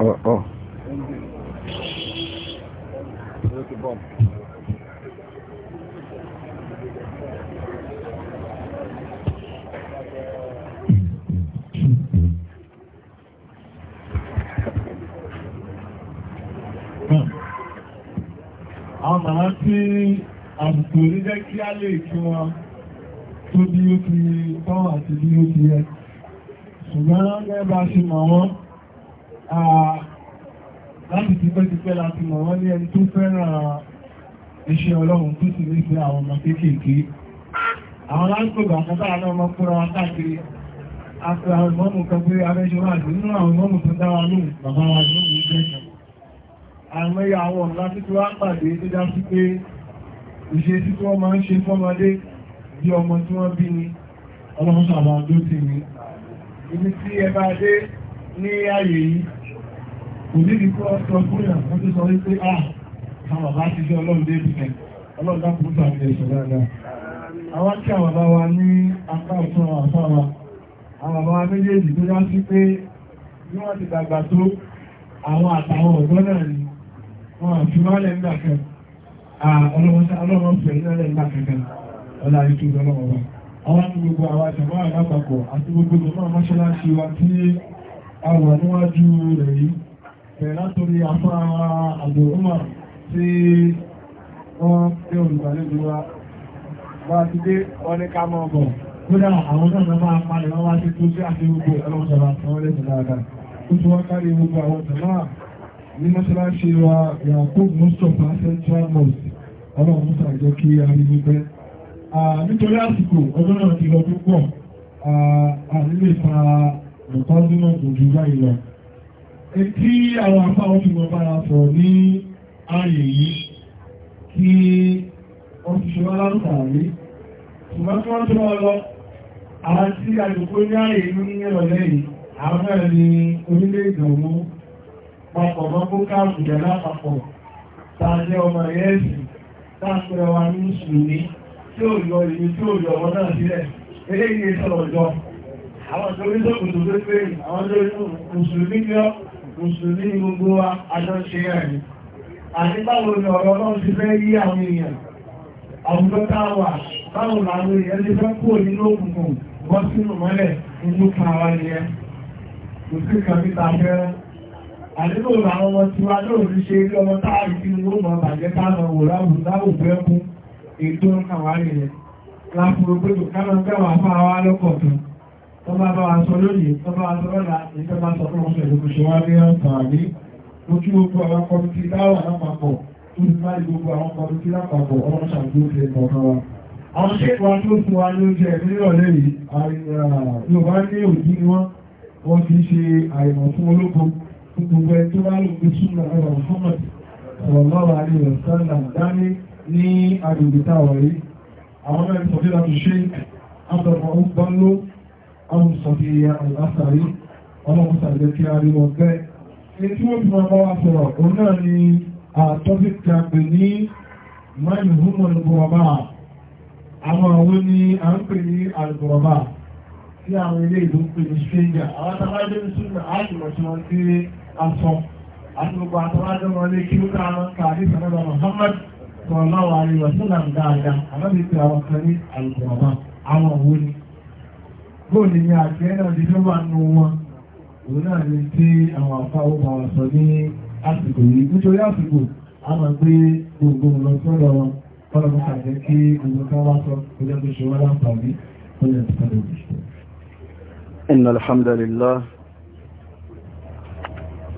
Oh, oh. Look at bomb. àwọn màmá tí àbùkù orí jẹ́ kí á lè kí wọn tó bí ó ti tọ́ àti bí ó ti yẹ ṣùgbọ́n gẹ́gẹ́ bá ṣe mọ̀ wọ́n láti ti pẹ́ ti pẹ́ láti mọ̀ wọ́n ní ẹni tó fẹ́ràn iṣẹ́ ọlọ́run tó sì ní sí àwọn ọmọ kéékèèké àwọn láńkògbà àkọ́tà náà mọ́ fúnra àmẹ́yà àwọn ọ̀nà tí tí wá pàdé tó já sí pé ìṣe tí tí wọ́n máa ń ṣe fọ́mọdé bí ọmọ tí wọ́n bí ni ọlọ́run sàmà tó ti ní ibi tí ẹ bá dé ní ààyè yìí kò ní ìdíkọ́ sọ fún yàn wọ́n tó sọ wípé à àwọn bàbá ti jẹ́ ọlọ́run débi ẹ̀ ọlọ́run dákùn tó àmì wa ní apá ọ̀tún àwọn wa àwọn bàbá méjèèjì tó já sí pé bí wọ́n ti dàgbà tó àwọn àtàwọn ọ̀dọ́ náà ni wọn àti wọn lẹ́ nígbà kan ọlọ́wọ́sá ọlọ́wọ́ fẹ̀ nílẹ̀ nígbà kankan ọlá ikú ọlọ́wọ́ wa àwọn ní gbogbo àwọn àtàwọn àlápapọ̀ àti gbogbo ìjọba mọ́ṣáláṣí wa tí a wà níwájú rẹ̀ yìí bẹ̀rẹ̀ látòrí afá àgbò umar tí wọ́n pé olùgbàlejò wa bá ti dé wọ́n ní ká mọ́ ọgbọ̀n kódà àwọn náà máa palẹ̀ wọ́n wá sí tó sí àti gbogbo ọlọ́wọ́sá wa tí wọ́n lẹ́sẹ̀ dáadáa ó ti wọ́n kárí gbogbo àwọn tẹ̀lá ní mọ́ṣáláṣí wa Yakub Mustapha Central Mosque ọlọ́run mú sàjọ kí arígbẹ́ nítorí àsìkò ọjọ́ náà ti lọ púpọ̀ àrílè fa mọ̀tọ́dúnmọ̀ kò jù báyìí lọ etí àwọn afá wọn fi mọ bára sọ ní ààyè yìí kí wọ́n ti ṣe wá lárúkàrí ṣùgbọ́n tí wọ́n tó wọ́n lọ àwọn tí papọ̀ mọ́kún káàkù jẹ lápapọ̀ tààjẹ ọmọ ẹ̀ẹ́sì tààkùrẹ wa ní ṣùgbọ́n tí ó yọ ìlú tí ó yọ ọmọ náà sílẹ̀ eléyìí sọ̀rọ̀ jọ àwọn tó rí sọ́kùtù tó pé àwọn tó rí mùsùlùmí yọ mùsùlùmí gbogbo wa àjọṣe rẹ̀ àti báwo ni ọ̀rọ̀ náà ti fẹ́ yí àwọn èèyàn àwùjọ táwà báwo làwọn èèyàn ti fẹ́ kúrò àdúgbò àwọn ọmọ tí wá lóòrùn ṣe rí ọmọ táàrí tí ó mọ̀ bàjẹ́ táàmà wò láwùn láwùn fẹ́ kún ètò àwárí rẹ̀ láfúrò gbẹ́dù káàmà gbẹ́wà fún àwa lọ́kọ̀ọ̀kan tó bá bá wa sọ lónìí tó bá wa sọ lọ́la ìjọba sọ fún ọ̀sẹ̀ lókù ṣe wá ní àǹfààní lójú gbogbo àwọn kọmitì dáwà lápapọ̀ tó ti bá gbogbo ẹ tó ráyè pé súnmọ̀ ọ̀rọ̀ Muhammad sallallahu alaihi wa sallam dání ní agbègbè táwà rí àwọn mẹ́rin sọ̀tí láti ṣe àtọ̀mọ̀ ó gbọ́n ló àwọn sọ̀tí àlásàrí ọlọ́run sàgbẹ́ kí a rí wọn bẹ́ èyí tí wọ́n fi máa bá wa sọ̀rọ̀ òun náà ni àtọ́sí ti aṣọ àti gbogbo àtọ́lájọ́mọ́ lé kí ó káàmọ́ káàdì sanadà Muhammad sallallahu alaihi wa sallam dáadáa alábi pé àwọn kan ní àlùkùrọ̀mọ́ àwọn òwò ni bóòlù ni àti ẹ̀ náà di tó wà nù wọn òun náà lè tí àwọn àfa ó bá wa sọ ní àsìkò yìí nítorí àsìkò a máa gbé gbogbo lọ sọ́dọ̀ wọn kọ́lọ́mọ́ kàjẹ́ kí gbogbo ká wá sọ kọjá tó ṣe wọ́n láǹfààní kọjá tó kọjá tó ṣe. إن الحمد لله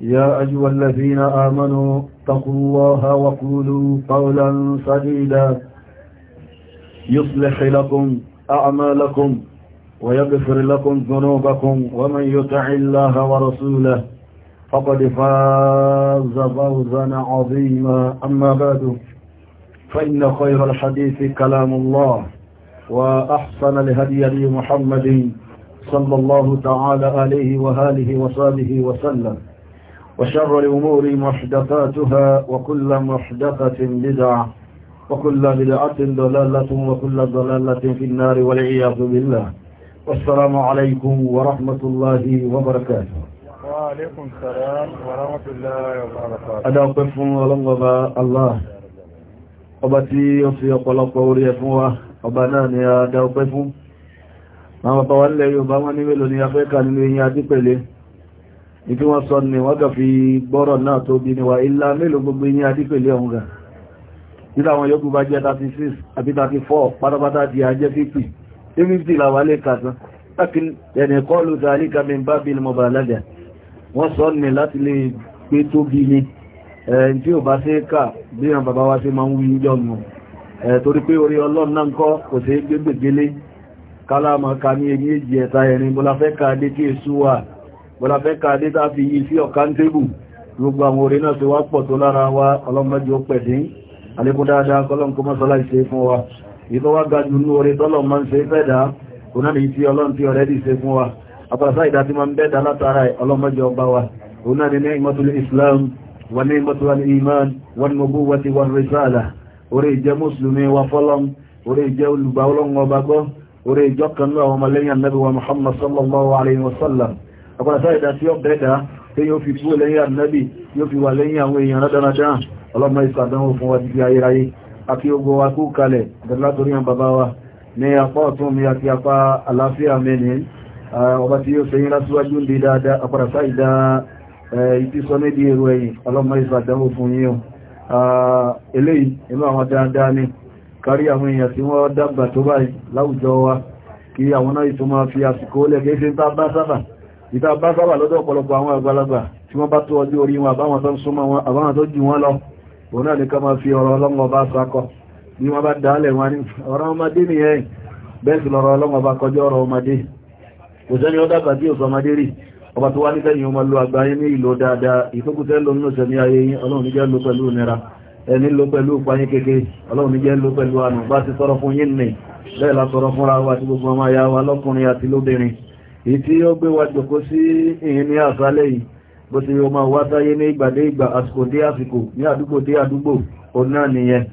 يا أيها الذين آمنوا اتقوا الله وقولوا قولا سديدا يصلح لكم أعمالكم ويغفر لكم ذنوبكم ومن يطع الله ورسوله فقد فاز فوزا عظيما أما بعد فإن خير الحديث كلام الله وأحسن الهدي محمد صلى الله تعالى عليه وآله وصحبه وسلم وشر الأمور محدثاتها وكل محدثة بدعة وكل بدعة ضلالة وكل ضلالة في النار والعياذ بالله والسلام عليكم ورحمة الله وبركاته وعليكم السلام ورحمة الله وبركاته أدعو قفهم ولنغبا الله أبتي يصي قلق وريفوا أبناني أدعو قفهم ما بطول لي وبما نميل يفيقا نميل يدي ní kí wọ́n sọ ní wọ́n kà fi gbọ́rọ̀ náà tó bí níwà ilá mélòó gbogbo ní adípèlé ọ̀hún rẹ̀ nígbà àwọn yòókù bá jẹ́ 36 àbí 34 pátápátá di ajẹ́ 50 50 làwà lè kàtán láti ẹ̀nì kọlù tààlíkà mi bá bí mọ̀ bàlágà wọ́n sọ ní láti lè pé tó bí ní ẹ̀yìn tí bọ́lá fẹ́ ká dé tàbí yìí sí ọ̀kan tébù gbogbo àwọn orin náà ti wá pọ̀ tó lára wa ọlọ́mọdé ó pẹ̀dín alékún dáadáa kọ́lọ́n kó mọ́sọ́lá ìṣe fún wa ìtọ́ wá ga jù ní orin tọ́lọ̀ máa ń ṣe islam wà ní iman wà ní gbogbo wa ti wà rìsáàlà orí ìjẹ́ mùsùlùmí wa fọ́lọ́m orí ìjẹ́ olùgbà ọlọ́run ọba àwọn ọmọlẹ́yìn anábì wa muhammad sallallahu Alaihi Wasallam àpàdà sáré dá sí ọ̀bẹ̀ẹ́dá pé yóò fi kú lẹ́yìn ànábì yóò fi wà lẹ́yìn àwọn èèyàn rádáradá ọlọ́mọ ìsọ àdánwò fún wa títí ayérayé àti ogbó wa kú kalẹ̀ látorí àwọn bàbá wa ní apá ọ̀tún mi àti apá àlàáfíà mẹ́ni ọba tí yóò sẹ́yìn lásíwájú lè dáadáa àpàdà sáré dá ìtísọ méjì èrò ẹ̀yìn ọlọ́mọ ìsọ àdánwò fún yín eléyìí inú àwọn dáadáa ni kárí àwọn èèyàn tí wọ́n dàgbà tó báyìí láwùjọ wa kí àwọn náà ìtumọ̀ fi àsìkò lẹ́gẹ́gẹ́ bá bá sábà ìta bá sábà lọ́dọ̀ ọ̀pọ̀lọpọ̀ àwọn àgbàlagbà tí wọ́n bá tó ọjọ́ orí wọn àbáwọn tó ń súnmọ́ wọn àbáwọn tó jù wọn lọ òun náà nìkan máa fi ọ̀rọ̀ ọlọ́mọ bá sakọ bí wọ́n bá dálẹ̀ wọn ní ọ̀rọ̀ ọmọdé nìyẹn bẹ́ẹ̀ sì lọ́rọ̀ ọlọ́mọ bá kọjọ́ ọ̀rọ̀ ọmọdé kò sẹ́ni ó dàgbà tí ò sọmọdé rí ọba tó wá ní kẹ́yìn ọmọ lo àgbáyé ní ìlò dáadáa ìfókùtẹ́ ló nínú sẹ̀mí ayé yín ọlọ́run níjẹ́ ló pẹ̀lú nira ẹni ló pẹ̀lú payín kéke ọlọ́run níjẹ́ ló pẹ̀lú ànú bá ti sọ̀rọ̀ fún yín nì bẹ́ẹ̀ fúnra wa àti gbogbo ọmọ ayá lọ́kùnrin àti lóbìnrin ìtí ó gbé wa jòkó sí ìyìn ní àṣálẹ́ yìí bó ti yóò máa wátáyé ní ìgbàdé ìgbà àsìkò dé àsìkò ní àdúgbò dé àdúgbò ọ̀nà nìyẹn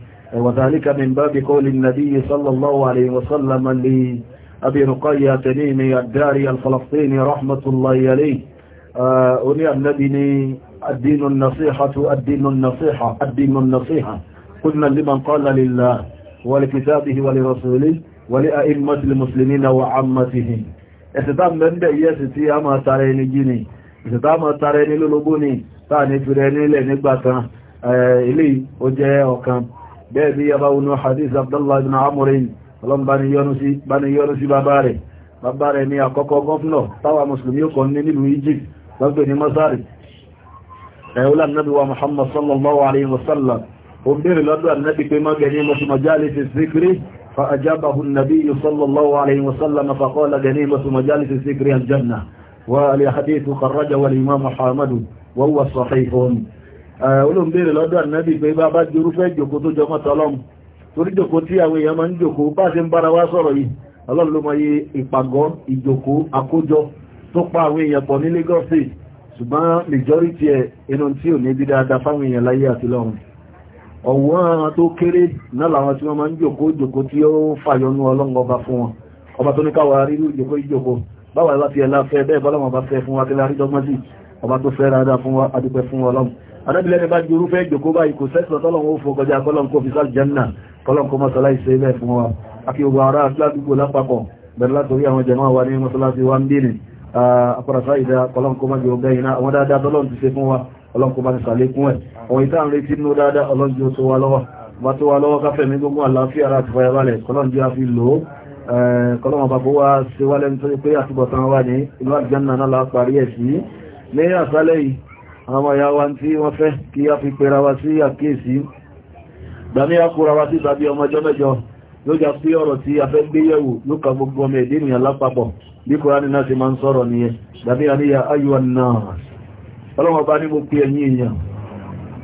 وذلك من باب قول النبي صلى الله عليه وسلم لأبي رقية تميمي الداري الفلسطيني رحمة الله عليه أولي النبي الدين النصيحة الدين النصيحة الدين النصيحة قلنا لمن قال لله ولكتابه ولرسوله ولأئمة المسلمين وعمتهم ẹ̀sẹ̀tà mẹ́bẹ̀ yí ẹ̀sẹ̀ tí a máa tara ẹni jí ni ìsẹ̀tà máa tara ẹni lólobó ni táà ní fìrẹ nílẹ̀ nígbàkan ilé ó jẹ́ ọ̀kan bẹ́ẹ̀ bí yaba wọnú hadith abdullah ibn amurin ọlọ́mbaniyọ́nú sí bàbá rẹ̀ bàbá rẹ̀ ni àkọ́kọ́ gọ́fúnà táwà mùsùlùmí ó kàn ní nílùú egypt lọ́gbẹ̀ ní masari ẹ̀wọ́lá nabi wa muhammad sallallahu alaihi wasallam ó فأجابه النبي صلى الله عليه وسلم فقال جنيبة مجالس ذكر الجنة والحديث خرجه الإمام حامد وهو صحيح olóhùn bèèrè lọ́dọ̀ ànábì pé bá bá jùrú fẹ́ jòkó tó jọmọ́ tọ́lọ́m torí jòkó tí àwọn èèyàn máa ń jòkó bá ṣe ń bára wá sọ̀rọ̀ yìí ọlọ́run ló mọ̀ iye ìpàgọ́ ìjòkó àkójọ tó pa àwọn èèyàn pọ̀ ní Lagos State ṣùgbọ́n majority ẹ̀ inú tí ò ní bí dáadáa fáwọn èèyàn láyé àti lọ́run ọ̀wọ́n tó kéré náà làwọn tí wọ́n máa ń jòkó jòkó tí ó fàyọnú ọlọ́ngọba fún wọn ọba tó ní káwà rírú ìjòkó ìjòkó báwà ìwá ẹ̀lá fẹ́ bẹ́ẹ̀ bọ́lọ́wọ́n bá fẹ́ fún wa kí lárí dọ́gbọ́n sí ọba tó fẹ́ rárá fún wa adúpẹ́ fún ọlọ́run adábìlẹ́ni bá jurú fẹ́ jòkó báyìí kò sẹ́sọ̀ tọ́lọ́run ó fòkọjá kọ́lọ́n kó fi sáà jẹ́nà kọ́lọ́n kó mọ́sálá ìṣe ilẹ̀ fún wa àti ni àpàràsáìdá kọ́lọ́n kó mọ́jọ ọgbẹ́ iná ọlọ́nkọ bá ti sàlékún ẹ̀ ọ̀wọ̀n ìta ń retí nú dáadáa ọlọ́njẹ́ ó tó wá lọ́wọ́ bá tó wá lọ́wọ́ káfẹ́ mi gbogbo àlàáfíà ara ti fàyàbalẹ̀ kọlọ́njẹ́ a fi lò ó kọlọ́mọ̀ bá kó wá ṣe wálẹ̀ nítorí pé àtúbọ̀tán wà ní ìlú àjẹ́nà náà láparí ẹ̀ sí ní àṣálẹ́ yìí àwọn ọmọ ìyá wa tí wọ́n fẹ́ kí a náà ti ọlọ́wọ́ bá ní mo pé ẹ̀yìn èèyàn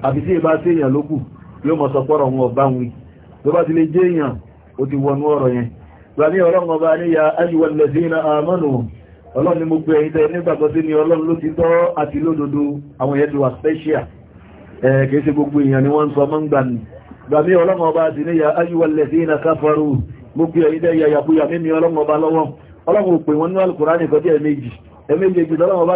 àbí tí ìbá sí èèyàn lókù yóò mọ̀ sọ pọ́rọ̀ wọn ọba wọn tó bá ti lè jẹ́ èèyàn ó ti wọnú ọ̀rọ̀ yẹn gbà ọlọ́wọ́ bá ní ya ayyuwal ladhina amanu ọlọ́ni mo pé ẹ̀yìn tẹ́ ni ọlọ́run ló ti tọ́ àti lódodo àwọn yẹn ti wà special ẹ̀ kìí ṣe gbogbo èèyàn ni ya ayyuwal kafaru mo pé ẹ̀yìn tẹ́ yàyàkúyà mímí ọlọ́wọ́ bá lọ́wọ́ ọlọ́wọ́ pè wọ́n ní alukùránì kọjá ẹ̀mẹ́jì ẹ̀mẹ́jì ìjìdọ́lọ́wọ́ bá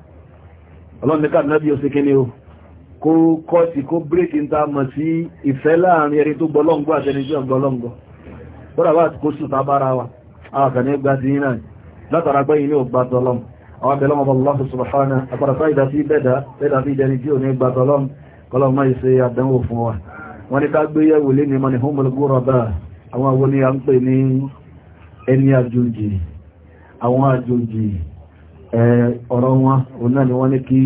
ọlọ́nìká náàbí ó sí kí ni ó kó kọ́sì kó bírèkì ń ta mọ̀ sí ìfẹ́ láàrin ẹni tó gbọ́lọ́ngbọ́ àtẹni tí ó gbọ́lọ́ngbọ́ bọ́dà bá kó sùn tábára wa àwọn ẹgbà ti yínà látara pé ilé ògbà tọ́lọ́m àwọn abẹ́lọ́ ọmọ Allah subhana àpàràfà ìdá sí bẹ́dà bẹ́dà sí ìdẹni tí ò ní gbà tọ́lọ́m kọlọ́m máa ṣe ọ̀rọ̀ wọn òun náà ni wọ́n ní kí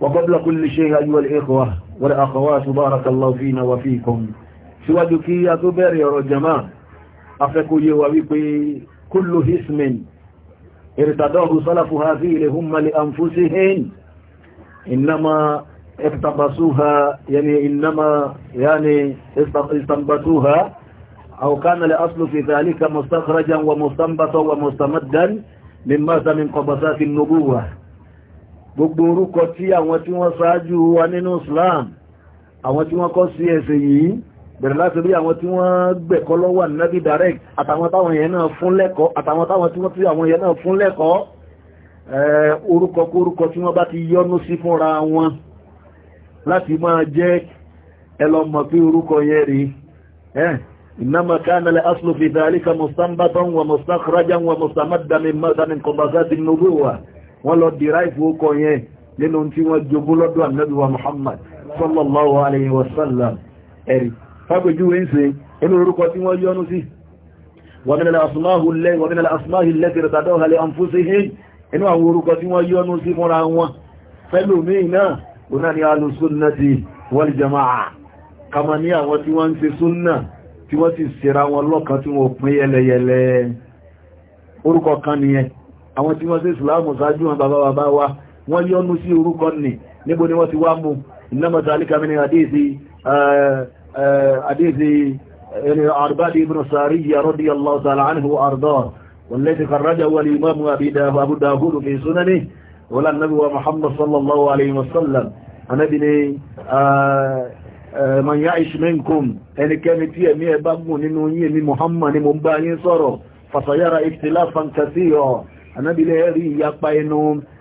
وقبل كل شيء أيها الإخوة والأخوات بارك الله فينا وفيكم síwájú kí a tó bẹ̀rẹ̀ ọ̀rọ̀ jama afẹ́kúyé wa wípé kúlù hismin ìrìtàdọ́rù sálàfù ha sí ilẹ̀ hún mali an fún sí أو كان الأصل في ذلك مستخرجا ومستنبطا ومستمدا مما من قبسات النبوة gbogbo orúkọ tí àwọn tí wọ́n ṣáájú wa nínú Islam àwọn tí wọ́n kọ́ sí ẹsẹ̀ yìí bẹ̀rẹ̀ láti rí àwọn tí wọ́n gbẹ̀kọ́ lọ́wọ́ Ànábì direct àtàwọn táwọn yẹn náà fún lẹ́kọ́ àtàwọn táwọn tí wọ́n tí àwọn yẹn náà fún lẹ́kọ́ orúkọ kórúkọ tí bá ti yọ́nú sí fúnra wọn láti máa jẹ́ ẹlọmọ pé orúkọ yẹn rí إنما كان الأصل في ذلك مستنبطا ومستخرجا ومستمدا من مثل قبضات النبوة ولو الدرايف وكوين لأنه يوجب لدو النبي محمد صلى الله عليه وسلم ẹ̀rí fágbèjú ẹ̀ṣẹ́ inú orúkọ tí wọ́n yọ́nú sí wàmínà asmáhùlẹ́ wàmínà asmáhùlẹ́ ti rẹ̀tàdọ́ halẹ̀ àmfúsíhé inú àwọn orúkọ tí wọ́n yọ́nú sí fúnra wọn pẹ̀lú mìíràn onáni alùsúnnà ti wal jama'a kama ní àwọn tí wọ́n ń ṣe súnnà tí wọ́n sì ṣera wọn lọ́kan tí wọ́n pín yẹlẹyẹlẹ orúkọ kan nìyẹn àwọn tí wọ́n sí ìsìláàmù sáájú wọn bàbá bàbá wa wọ́n yọ́nú sí orúkọ nì níbo ni wọ́n ti wá mú ìnámọ̀ta alíkàmínì àdéèsì àdéèsì àrbáde ibn أبو داود في سننه ولا محمد صلى الله عليه وسلم أنا Eh, man ya'ish minkum ẹnikẹ́ni tí ẹ̀mí ẹ bá gùn nínú yín èmi Muhammad ni mo ń bá yín sọ̀rọ̀ fasayara ikhtilafan kathira anábìlẹ̀ rí ìyapa ẹnu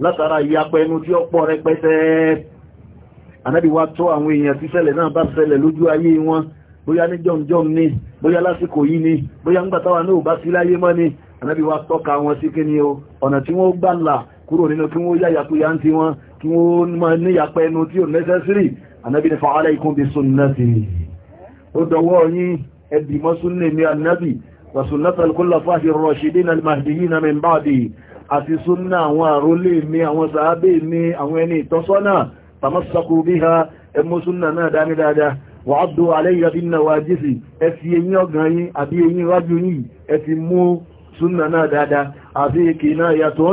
látara ìyapẹ ẹnu tí ó pọ̀ rẹpẹtẹ anábì wá tó àwọn èèyàn tí ṣẹlẹ̀ náà bá ṣẹlẹ̀ lójú ayé wọn bóyá ní jọmjọm ni bóyá lásìkò yìí ni bóyá ń gbàtàwà náà bá sí láyé mọ́ ni anábì wá tọ́ka wọn sí kíni o ọ̀nà tí wọ́n gbà là kúrò nínú kí wọ́n yáyàkúyà ń ti wọn kí wọ́n máa ní ìyapẹ ẹnu tí ò necessary anábì ní fa'alaykum bi sunnati ó dọwọ́ yín ẹbí mọ́ súnnà mi anábì wa sunnatal khulafa'ir rashidin al-mahdiyyin min ba'di àti súnnà àwọn àrólé mi àwọn sàábé mi àwọn ẹni ìtọ́sọ́nà tamassaku biha ẹmú súnnà náà dání dáadáa wà á dó aléyà bí nà wà jísì ẹ fi eyín ọ̀gàn yín àbí eyín iwájú yín ẹ mú súnnà náà dáadáa àti èkè náà yàtọ̀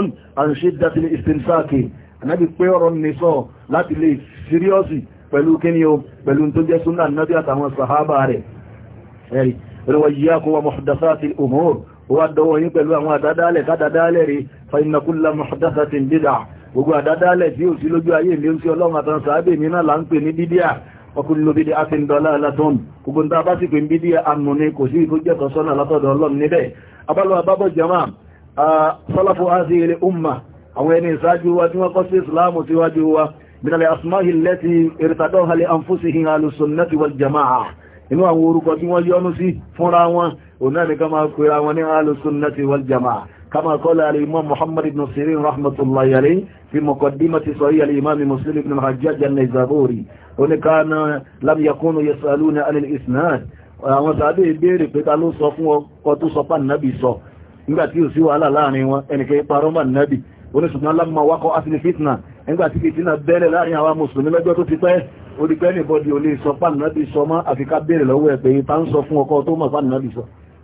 an àdádálẹ̀ kádádálẹ̀ rẹ̀ فإن كل محدثة بدعة gbogbo àdádálẹ̀ tí ó sí lójú ayé ilé oúnjẹ ọlọ́run àtàn sàábè mi náà là ń pè ní bídíà ọkùnlò bídí a ti gbogbo ta bá sì pè ní bídíà anù ni kò sí ikú jẹ́tọ̀ sọ́nà látọ̀dọ̀ ọlọ́run níbẹ̀ abálọ́ àbábọ̀ jama sọ́láfù áti ilé umma àwọn ẹni ìsáájú wa tí wọ́n kọ́ كما قال الإمام محمد بن سيرين رحمة الله عليه في مقدمة صحيح الإمام مسلم بن الحجاج النيزابوري هنا كان لم يكونوا يسألون عن الإسناد àwọn sàábé ìbéèrè pé ta ló sọ fún ọkọ̀ tó sọ pàn náàbì sọ nígbàtí ò sí wàhálà láàrin wọn ẹnìkẹ́ parọ́mà náàbì oníṣùgbọ́n lámà wákọ̀ asìlì fitna nígbàtí fitna bẹ̀rẹ̀ láàrin àwọn mùsùlùmí lọ́jọ́ tó ti pẹ́ orípẹ́ nìbọ́dì ò lè sọ pàn náàbì sọ mọ́ àfikà béèrè lọ́wọ́ ẹ̀ pé ta ń sọ fún ọkọ̀ tó mọ̀ pàn náàbì sọ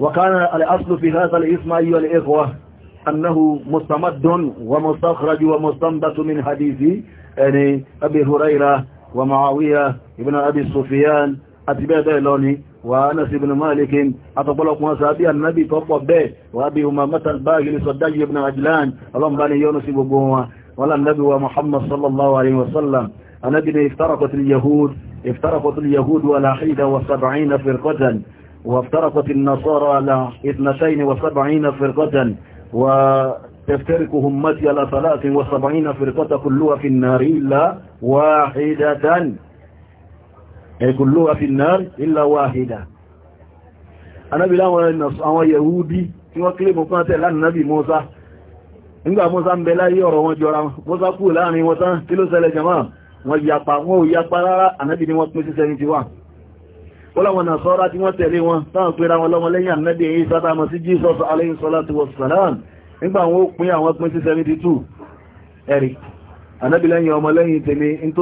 وكان الأصل في هذا الاسم أيها الإخوة أنه مستمد ومستخرج ومستنبت من حديث يعني أبي هريرة ومعاوية ابن أبي سفيان أتباع ديلوني وأنس بن مالك أتطلق مصابي النبي توفى به وأبي أمامة الباقي لصدق بن عجلان اللهم بني يونس بقوة ولا النبي ومحمد صلى الله عليه وسلم النبي افترقت اليهود افترقت اليهود ولا حيدة وسبعين فرقة وافترقت النصارى على اثنتين وسبعين فرقة وتفترق همتي على ثلاث وسبعين فرقة كلها في النار إلا واحدة أي كلها في النار إلا واحدة أنا بلا àwọn Yahudi tí wọ́n kílé mọ̀kán tẹ̀ láti nábi Mọ́sá nígbà Mọ́sá ń bẹ láyé ọ̀rọ̀ wọn jọra Mọ́sá kú láàrin wọn tán kí ló ṣẹlẹ̀ jama wọn yapa wọn ò yapa rárá ànábì ni wọ́n pín sí 71 láwọn nàṣọ́rá tí wọ́n tẹ̀lé wọn táwọn pèrà wọn lọ́mọ lẹ́yìn ànábì èyí sátàmọ̀ sí jesus alayhi salatu wassalam nígbà wọn ó pín àwọn pín sí 72 ẹ̀rì ànábì lẹ́yìn ọmọ lẹ́yìn tèmi in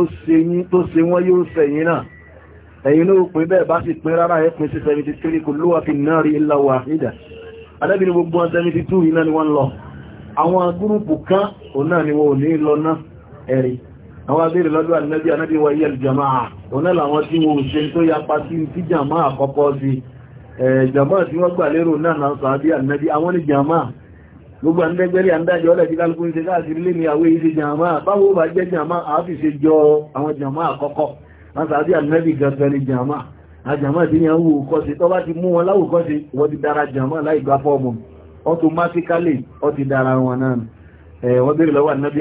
tó ṣe wọ́n yóò sẹ̀yìn náà ẹ̀yìn ló pín bẹ́ẹ̀ bá sì pín rárá ẹ pín sí 73 kulluha fi nnari illa wahida ànábì ní gbogbo wọn 72 iná ni wọ́n lọ àwọn gúrùpù kan òun náà ni wọn ò ní lọ náà ẹ̀rì àwọn abẹ́rẹ̀ lọ́dọ̀ ànẹ́bí ànẹ́bí wọ iye jama'a onílà àwọn tí wọ́n ṣe tó yapa sí tí jama'a àkọ́kọ́ sí jama'a tí wọ́n gbà lérò náà náà sọ àbí ànẹ́bí àwọn ní jama'a gbogbo àndẹ́gbẹ́rí àndájọ́ ọlẹ̀ tí kálukú ń ṣe káàkiri lé ní àwé iṣẹ́ jama'a báwo bá jẹ́ jama'a àáfi ṣe jọ àwọn jama'a àkọ́kọ́ láti àbí automatically ó ti dára wọn náà wọ́n bèèrè lọ́wọ́ ànábí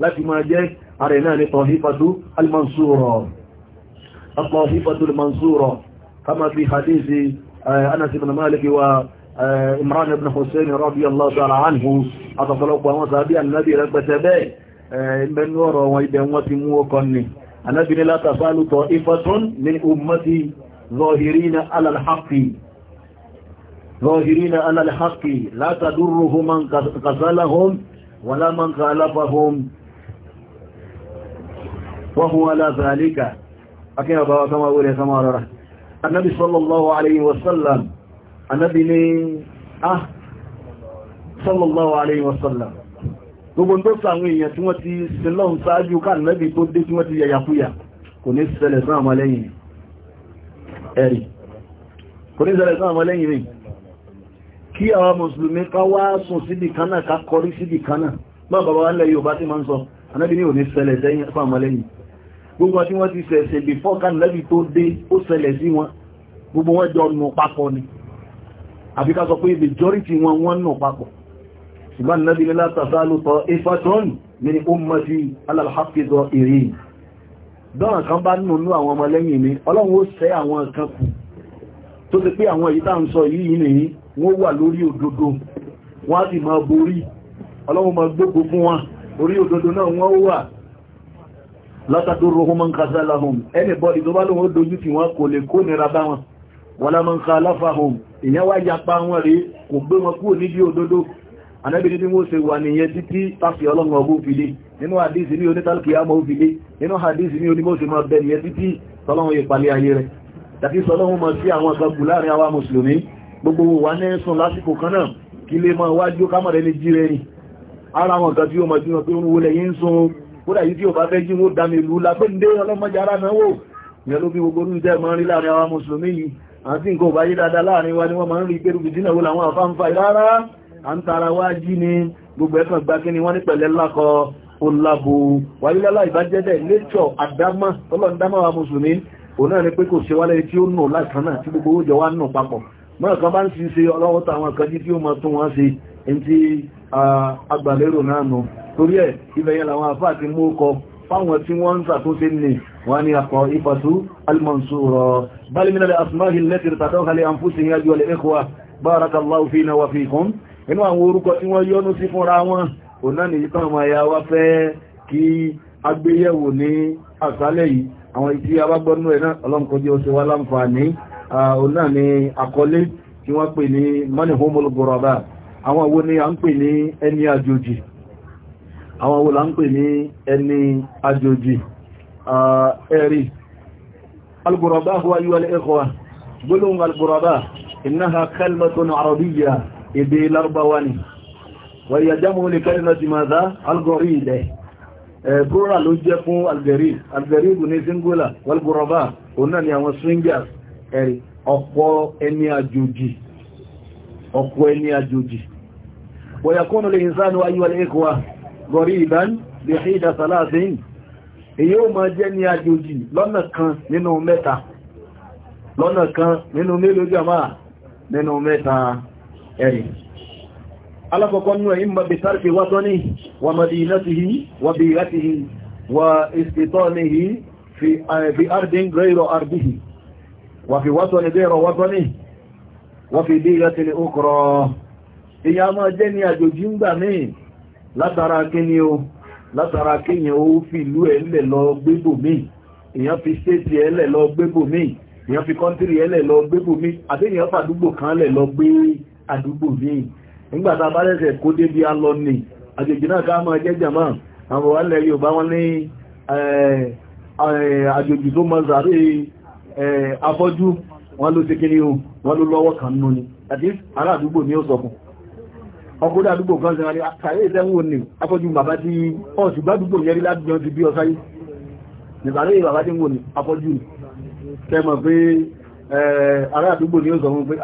لكن ما جاءت أرناني طهيفة المنصورة الطهيفة المنصورة كما في حديث أنس بن مالك و عمران بن حسين رضي الله تعالى عنه أتصلوا بهم سابيا النبي لك بسبي من نور ويبن وتمو وقني النبي لا تصال طائفة من أمتي ظاهرين على الحق ظاهرين على الحق لا تدره من قتلهم ولا من خالفهم وهو على ذلك akíyà bá wata máa wúrẹ sama rọra annabi sallallahu alayhi wasallam annabi ni ah sallallahu alayhi wasallam gbogbo tó sàwọn èèyàn tí wọ́n ti sílọ́n sáájú ká annabi tó dé tí wọ́n ti yàyàkúyà kò ní ṣẹlẹ̀ sáàmà lẹ́yìn ẹ̀rì kò ní ṣẹlẹ̀ sáàmà lẹ́yìn rìn kí àwọn mùsùlùmí ká wá sùn síbi kanáà ká kọrí síbi kanáà gbogbo tí wọ́n ti ṣẹ̀ṣẹ̀ bí fọ́kàn lẹ́bí tó dé ó ṣẹlẹ̀ sí wọn gbogbo wọn jọ nù papọ̀ ni àbí ká sọ pé majority wọn wọ́n nù papọ̀ ṣùgbọ́n nàbí lẹ́lá tàṣálù tọ́ ifatron ní ummati ala al-haqqi zahirin dọ́nà kan bá nù nú àwọn ọmọlẹ́yìn mi ọlọ́run ó ṣẹ́ àwọn kan kù tó ti pé àwọn èyí tá ń sọ yìí nìyí wọ́n wà lórí òdodo orí òdodo náà wọ́n wà látàdúró hún mọ́n kásá láhùn ẹnìbọ́dì tó bá lóhun ó dojú tí wọ́n kò lè kó nira bá wọn wọ́n lá mọ́n ká aláfàhùn ìyẹn wá yapa wọn rí kò gbé wọn kúrò níbi òdodo anábìrí tí wọ́n ṣe wà nìyẹn títí tàfi ọlọ́run ọgbó fìdí nínú hadith ní onítàlùkì àmọ́ òfìdí nínú hadith ní onímọ̀ọ́sẹ̀ máa bẹ nìyẹn títí tọ́lọ́run yẹ palẹ̀ ayé rẹ̀ tàbí sọlọ́run mọ̀ sí àwọn ara àwọn kan tí ó mọ̀ sí wọn pé ó ń wọlé yín sùn kódà yìí tí ò bá fẹ́ jí wọ́n dámi ìlú lápé ń dé ọlọ́mọdé ara náwó ìyẹn ló fi gbogbo orí tẹ́ mọ́ rí láàrin àwọn mùsùlùmí yìí àti nǹkan ò bá yé dáadáa láàrin wa ni wọ́n máa ń rí pé rúbi dínà wó làwọn àfáǹfà rárá à ń tara wá jí ni gbogbo ẹ̀kan gbá kí ni wọ́n ní pẹ̀lẹ́ lákọ olàbò wàlílálà ìbájẹ́dẹ̀ lẹ́tọ̀ àdámà ọlọ́ndámà wa mùsùlùmí òun náà ni pé kò ṣe wálẹ̀ tí ó nù láìkan náà tí gbogbo ó jọ wá nù papọ̀ mọ́ọ̀ kan bá ń ṣe ọlọ́wọ́ta àwọn kan jí tí ó máa tún wọn ṣe ẹni torí ẹ̀ ibẹ̀yẹ làwọn àfáà ti mú kọ fáwọn tí wọ́n ń sàtúnṣe ní wọ́n ni àkọ̀ ìfàtú almansúrọ̀ baliminale asmahil lẹ́tìrì tàtọ́kàlẹ̀ àǹfúsí ní ajú alẹ́kọ́wà bárakallahu fina wa fikum inú àwọn orúkọ tí wọ́n yọ́nú sí fúnra wọn ọ̀nà ni ìtàn ọmọ ya wá fẹ́ kí agbéyẹ̀wò ní àṣálẹ̀ yìí àwọn ìtí abágbọ́nú ẹ̀ náà ọlọ́nkọjú ọṣẹ ni àkọlé tí wọ́n pè ní manihomol goraba àwọn wo ni a ń pè ní ẹni àjòjì àwọn wo la ń pè ní ẹni àjòjì ẹ̀rí al-ghuraba huwa ayyuhal ikhwa gbólóhùn al-ghuraba innaha kalimatun arabiyya èdè lárúbáwá ni wa hiya jamu li kalimati madha al-gharida plural ló jẹ́ fún al-gharib al-gharib ní singular wal-ghuraba ni àwọn swingers ẹ̀rí ọ̀pọ̀ ẹni àjòjì ọ̀pọ̀ ẹni àjòjì wa yakunu al-insanu ayyuhal ikhwa gọ̀ríban lè ṣe ìdásàláàsìn èyí ó máa jẹ́ ní àjòjì lọ́nà kan nínú mẹ́ta lọ́nà kan nínú mélòó jàmá nínú mẹ́ta ẹ̀rì alákọ̀ọ́kọ́ nínú ẹ̀yìn mọ̀ bìtàrìfì wátọ́ ní wà madinatihi wà bìyàtihi wà istitanihi fi ardin ghayra ardihi wà fi wátọ́ ní ghayra wátọ́ máa jẹ́ ní àjòjì ń gbà míì látara kíni o látara kíyàn ó fi ìlú ẹ̀lẹ̀ lọ gbébò mí èyàn fi stéètì lọ gbébò mí èyàn fi kọ́ntírì àti èyàn fàdúgbò kan lẹ̀ lọ gbé àdúgbò mí nígbàtà bá lẹ́sẹ̀ kó dé bí a lọ ní àjèjì náà ká máa jẹ́ jàmá àwọn alẹ́ Yorùbá wọn ní àjòjì tó afọ́jú wọn ló o wọn ló lọ́wọ́ kan nú ni àti ó sọ fún ọkùnrin àdúgbò kan sí rárá kàrí ìsẹ́wọ̀n ní afọ́jú bàbá tí ọ̀sù bá dúgbò yẹrí lájọ ti bí ọsáyé nìbàrí bàbá tí wọ́n ní afọ́jú kẹmọ̀ pé ará àdúgbò ní ọ̀sọ̀ wọn pé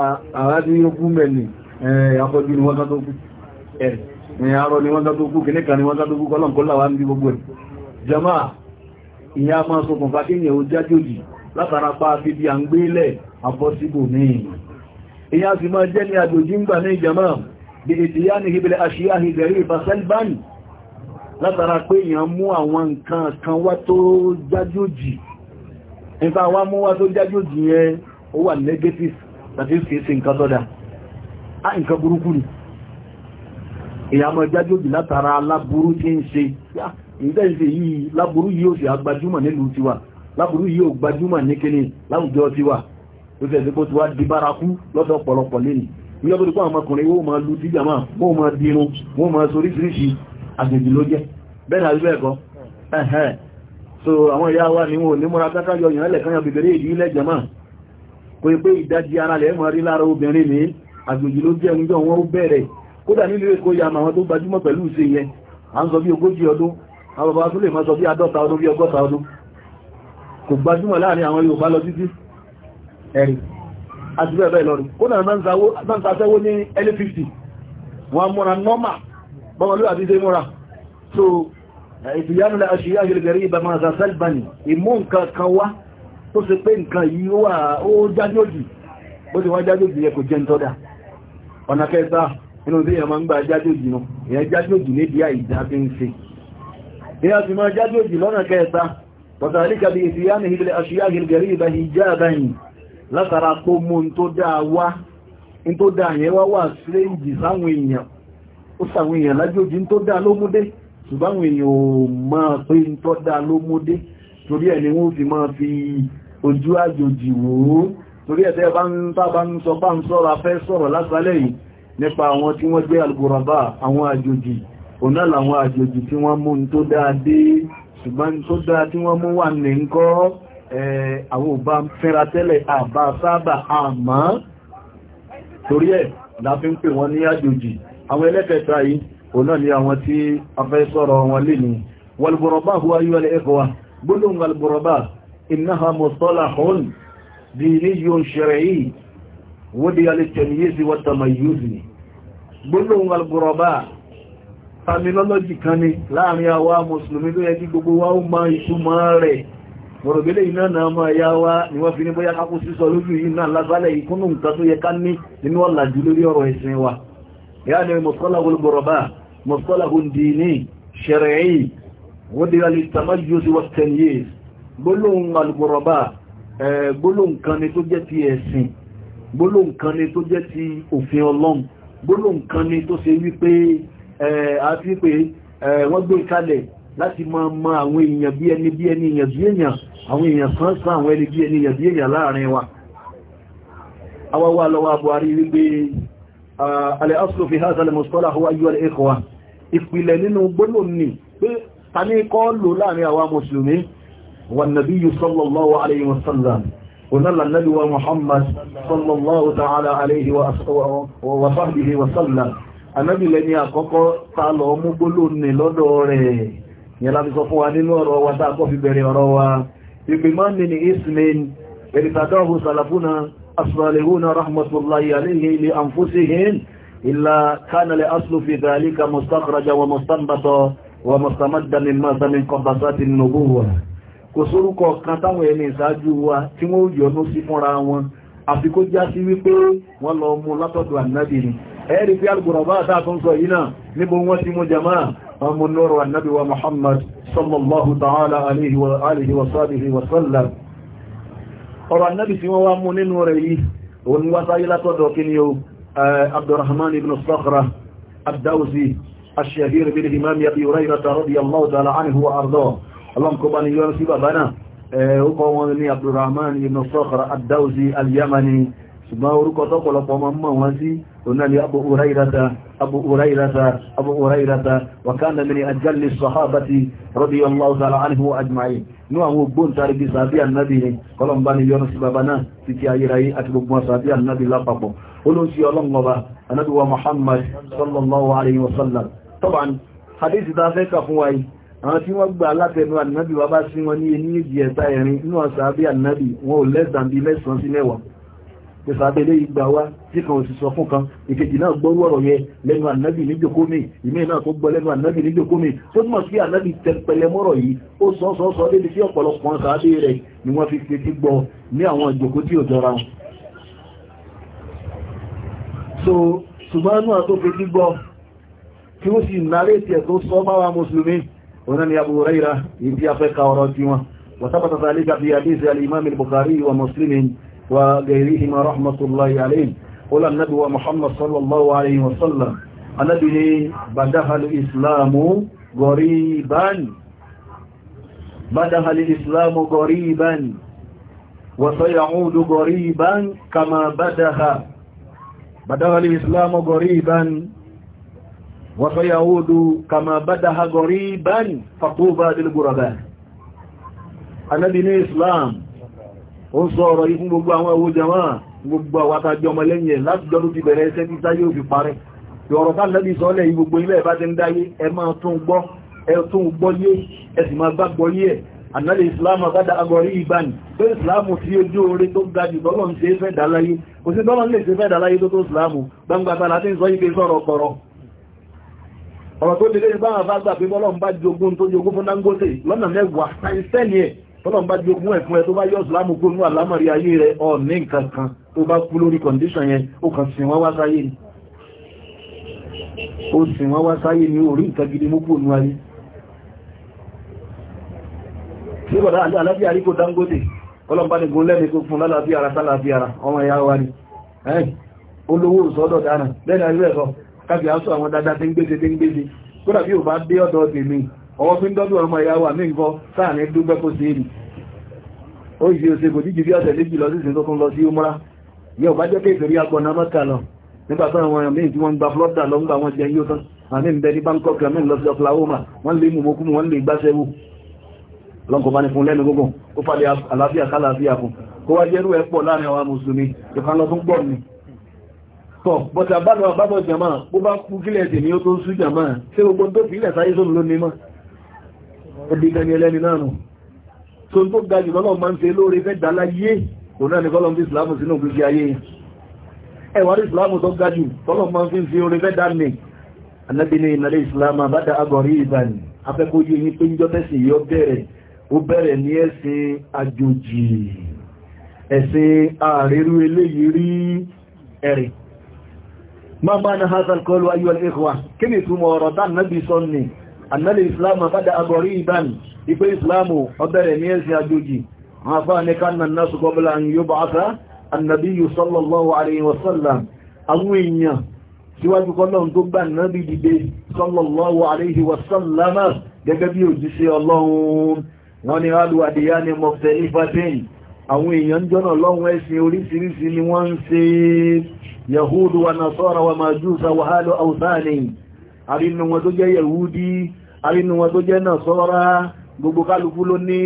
ará tí ó kú mẹ́ni afọ́jú ni wọ́n tó kú ẹ̀rẹ̀ arọ ni wọ́n tó kú ni wọ́n tó jama ìyá máa sọkùnfà kí ni ó jájòjì látara pa fi bí à ń gbé lẹ̀ afọ́síbò ní ìyá sì máa jẹ́ ní àjòjì ń بإتيانه بالأشياء غريبة سلبا látara pé èèyàn mú àwọn nǹkan kan wá tó jájòjì nípa wá mú wá tó jájòjì yẹn ó wà negative tàbí kìí sí nǹkan tọ́dá á nǹkan burúkú ni látara láburú tí ń ṣe ìdẹ́ǹsẹ̀ yìí láburú yìí ò agbájúmọ̀ nílùú tiwa láburú yìí gbájúmọ̀ ní kíní láwùjọ tiwa ló fẹ́ sí pé ó di bárakú lọ́dọ̀ ọ̀pọ̀lọpọ̀ lénìí ìyọ́bùn pọ́ àwọn ọkùnrin wọ́n máa lú dígbàmá wọ́n máa dínú wọ́n máa sorí síríṣì àgbègbè ló jẹ́ bẹ́ẹ̀nà àríbẹ̀ ẹ̀kọ́ ẹ̀hẹ́n so àwọn ìyá wa ni wọ́n ní múra káká yọ ìyànlẹ̀ kan yọ̀bẹ̀bẹ̀rẹ̀ ìdí ilẹ̀ jẹ́mà kò pé ìdájí ara lẹ̀ mọ́ rí lára obìnrin ní àgbègbè ló jẹ́ oúnjẹ wọn ó bẹ̀rẹ̀ kódà nílùú Èkó ya àwọn tó gbajúmọ̀ pẹ̀lú ìṣe yẹn à ń sọ bí ogójì ọdún àwọn bàbá tó lè máa sọ bí àádọ́ta ọdún bí ọgọ́ta ọdún kò gbajúmọ̀ láàrin àwọn Yorùbá lọ títí ẹ̀rì àti bẹ́ẹ̀ bẹ́ẹ̀ lọ́rin kó náà máa ń sàfẹ́wó ní ẹlé 50 wọn múra nọ́mà bọ́wọ́lúwà bí dé múra so ìfìyánulẹ̀ aṣíyá ìrìgẹ̀rí ìbàmà àzàzàlbani ìmú nǹkan kan wá tó ṣe pé nǹkan yìí wà ó jájójì bó ti wá jájójì yẹ kò jẹ́ ntọ́dá ọ̀nà kẹta inú bí ẹ̀mà ń gbà jájójì nù ìyẹn jájójì ní bí àìdá bí ń ṣe ìyá ti máa jájójì lọ́nà kẹta pọ̀tàlíkà látara kó mú n tó dáa wá n tó dáa yẹn wá wà síréǹjì sáwọn èèyàn ó sàwọn èèyàn lájójì n tó dáa ló mú dé ṣùgbọ́n àwọn èèyàn ò máa pé n tó dáa ló mú dé torí ẹ̀ ni wọ́n fi máa fi ojú àjòjì wò ó torí ẹ̀ tẹ́ ṣùgbọ́n tó dáa tí wọ́n mú wà ní àwọn òbá fẹ́ra tẹ́lẹ̀ àbá sábà àmá torí ẹ̀ láfí ń pè wọ́n ní àjòjì àwọn ẹlẹ́kẹta yìí o náà ni àwọn tí a fẹ́ sọ̀rọ̀ wọn lè ní walburaba huwa yíwa lè ẹkọwa gbónúm walburaba innaha mustalahun diniyyun shar'i wudiya lit wa at-tamayyuz terminology kan ni láàrin àwa mùsùlùmí ló yẹ kí gbogbo wa ó máa ìtumọ̀ rẹ̀ mọ̀rọ̀gbélé iná náà máa yá wá ni wọ́n fi ní bóyá kápù sísọ lójú yìí náà lágbálẹ̀ ìkúnnù nǹkan tó yẹ ká ní nínú ọ̀làjú lórí ọ̀rọ̀ ìsìn wa yá ni mọ̀sọ́láhù gbọ̀rọ̀bá mọ̀sọ́láhù dìní ṣẹ̀rẹ̀ẹ́yì wọ́n dira lè tàmájú sí wọ́n ten years gbólóhùn alùgbọ̀rọ̀bá gbólóhùn kan ni tó jẹ́ ti ẹ̀sìn gbólóhùn wọ́n gbé kalẹ̀ láti máa ma àwọn èèyàn bí ẹni bí ẹni èèyàn bí èèyàn àwọn èèyàn kan sán àwọn ẹni bí ẹni èèyàn bí èèyàn láàrin wa awọ́wọ́ alọ́wọ́ buhari wípé alẹ́ọ́sùlù fi hásàlẹ̀ mọ̀sọ́lá àwọn ayọ́ ẹ̀kọ́wà ìpìlẹ̀ nínú gbọ́nà ní pé ta ní kọ́ lò láàrin àwa mùsùlùmí wọn nàbí yìí sallallahu alayhi wa sallam onála nàbí wa muhammad sallallahu yẹn láti sọ fún wa nínú ọ̀rọ̀ wa tá a kọ́ fi bẹ̀rẹ̀ ọ̀rọ̀ wa ìpè máa ń ní ismail ẹ̀rìtàdáhù sàlàfúnà asùwàlẹ̀húnà rahmatullahi alayhi li anfusihim illa kana li aslu fi dhalika mustakhraja wa mustanbata wa mustamadda min masa min qabasati nubuwa kò sórúkọ kan táwọn ẹni ìsáájú wa tí wọ́n yọnú sí fúnra wọn àfi kó já sí wípé wọ́n lọ mú látọ̀dọ̀ ànábì ni ẹ̀rí fi alùgbùrọ̀ bá àtàkùn sọ yìí náà níbo wọ́n ti mú jama'a أم النور النبي ومحمد صلى الله تعالى عليه وآله وصحبه وسلم ọ̀rọ̀ annabi tí wọ́n wá mú nínú rẹ̀ yìí òun wá sáyé látọ́dọ̀ kí ni ó eh, abdurrahman ibn sakhra ad-dawsi ash-shahir bin imam abi hurairah radiyallahu ta'ala anhu wa arda allahum ko bani yon si babana ó eh, kọ́ wọn ní abdurrahman ibn sakhra ad-dawsi al-yamani ṣùgbọ́n orúkọ tọ́pọ̀lọpọ̀ ma mọ̀ wọn sí onáni abu hurairata abu hurairata abu hurairata wa kana min ajalli sahabati radiyallahu ta'ala anhu wa ajma'in ní àwọn ògbóǹtarì bí sàbí ànábì ni kọlọmbá ni yọ́nà sí bàbá náà ti ti ayérayé àti gbogbo sàbí ànábì lápapọ̀ olóòsì ọlọ́ngọba ànábì wa muhammad sallallahu alayhi wa sallam tọ́bàn hadith ta fẹ́ kà fún wa yìí àwọn tí wọ́n gbà látẹnu ànábì wa bá sí wọn ní ẹni pẹ̀sàbẹ̀ ilé ìgbà wá tí kan òsì sọ fún kan ìkejì náà gbọ́rú ọ̀rọ̀ yẹ lẹ́nu ànábì níjòkómi ìmí náà tó gbọ́ lẹ́nu ànábì níjòkómi tó túnmọ̀ sí ànábì tẹpẹlẹ mọ́rọ̀ yìí ó sọ sọ sọ débi sí ọ̀pọ̀lọpọ̀ sàábẹ̀ rẹ̀ ni wọ́n fi fi gbọ́ ní àwọn ìjòkó tí ò jọra wọn. so ṣùgbọ́n inú àtó fi gbọ́ tí ó sì nàrétì ẹ̀ tó sọ báwa mùsùlùmí òun náà ni Abu Hurairah ìdí afẹ́ka ọ̀rọ̀ tiwọn wàtàbàtàtà alẹ́gàbí àdéṣe al-Imam al-Bukhari wa Muslim وغيرهما رحمة الله عليهم قول النبي محمد صلى الله عليه وسلم النبي بدها الإسلام غريبا بدها الإسلام غريبا وسيعود غريبا كما بدها بدها الإسلام غريبا وسيعود كما بدها غريبا فطوبى للغرباء النبي الإسلام ó ń sọ ọ̀rọ̀ yìí fún gbogbo àwọn ẹwọ́ jẹmọ́ gbogbo àwátajọ ọmọ lẹ́yìn ẹ̀ láti jọ ló ti bẹ̀rẹ̀ ẹsẹ́ títá yóò fi parẹ́ ọ̀rọ̀ bá lẹ́bí sọ́lẹ̀ yìí gbogbo ilẹ̀ bá ti ń dáyé ẹ máa tún gbọ́ ẹ tún gbọ́ yé ẹ sì máa gbàgbọ́ yé ẹ̀ ànálẹ̀ ìsìláàmù àbádá agọrí ìbáni pé ìsìláàmù tí ó jó orí tó ga jù tọ́lọ̀ ń ṣe fẹ́ dáláyé kò sí tọ́lọ̀ lè ṣe fẹ́ dáláyé tó tó ìsìláàmù gbangba tààlà tí ń sọ ibi sọ̀rọ̀ kọ̀rọ̀ ọ̀rọ̀ tó délé bá tọ́lọ̀n bá jogún ẹ̀ fún ẹ tó bá yọ́ ìsìlámù kó ní àlámọ̀rí ayé rẹ̀ ọ ní nǹkan kan tó bá kú lórí kọndíṣàn yẹn ó kàn sìn wá wá sáyé ni ó sìn wá wá sáyé ni orí nǹkan gidi mú kúrò ní ayé tí bọ̀dá alábíà rí kó Dangote tọ́lọ̀n bá ní gun lẹ́ni kó fún lálàáfíà ara ni ayé kódà bí ò bá dé ọ̀dọ̀ tèmi ọwọ́ fi ń dọ́dún ọmọ ìyá wà ní nǹkan sáà ní dúpẹ́ kó sí èlì ó ìṣe òṣè kò díjì bí ọ̀sẹ̀ méjì lọ sísìn tó tún lọ sí umra yẹ ọba jẹ́ kéèkèrí agbọ̀nà mọ́ta lọ nígbà tó àwọn míì tí wọ́n ń gba flọ́dà lọ ń gba wọn jẹ yóò tán àmì ń bẹ ní Bangkok àmì ń lọ sí Oklahoma wọ́n lè mú mokúmu wọ́n lè gbáṣẹ́wò lọ́nkọ̀ bá ní ni tọ̀ bọ̀tà bá lọ àbábọ̀ jàmáà bó bá kú kílẹ̀ tèmi ó tó ń sú jàmáà ṣé gbogbo tó fi ilẹ̀ sáyé sómi ló ní ẹ̀dìgani ẹlẹ́ni náà nù tó tó ga jù lọ́lọ́ máa ń ṣe lóore fẹ́ dá láyé kò náà ní kọ́lọ́ fi ìsìlámù sínú gbígbé ayé ẹwà rí ìsìlámù tó ga jù tọ́lọ́ máa fi ń fi oore fẹ́ dá nì anábì ní ìnàlẹ́ ìsìlámù àbádá agọ̀rí ìbàn afẹ́kọ́ yé yín pé níjọ́ tẹ́sì yọ bẹ̀rẹ̀ ó bẹ̀rẹ̀ ní ẹ̀sìn àjòjì ẹ̀sìn ààrẹ̀rú eléyìí rí ẹ̀rìn ma ma na hazal kọlu ayyuwal kí ni túnmọ̀ ọ̀rọ̀ dá nábi sọ́ni annal islam bada agori iban ipe islamu ọbẹ̀rẹ̀ ní ẹ̀sìn àjòjì wọn fà ní kanna nasu qabla an yub'atha annabiyu sallallahu alaihi wasallam awinya. èèyàn síwájú kọlọ́n tó gbà nábi dìde sallallahu alaihi wasallama gẹ́gẹ́ bí òjíṣẹ́ ọlọ́run wọn ni alùwàdíyá ni mọ̀fẹ́ ifatin àwọn èèyàn jọ́nà lọ́wọ́ ẹ̀sìn oríṣiríṣi ni wọ́n ń yahudu wa nasara wa majusa wa halu awthani àrínú wọn tó jẹ́ yẹ̀wúdí àrínú wọn tó jẹ́ náà sọ́ra gbogbo kálukú ló ní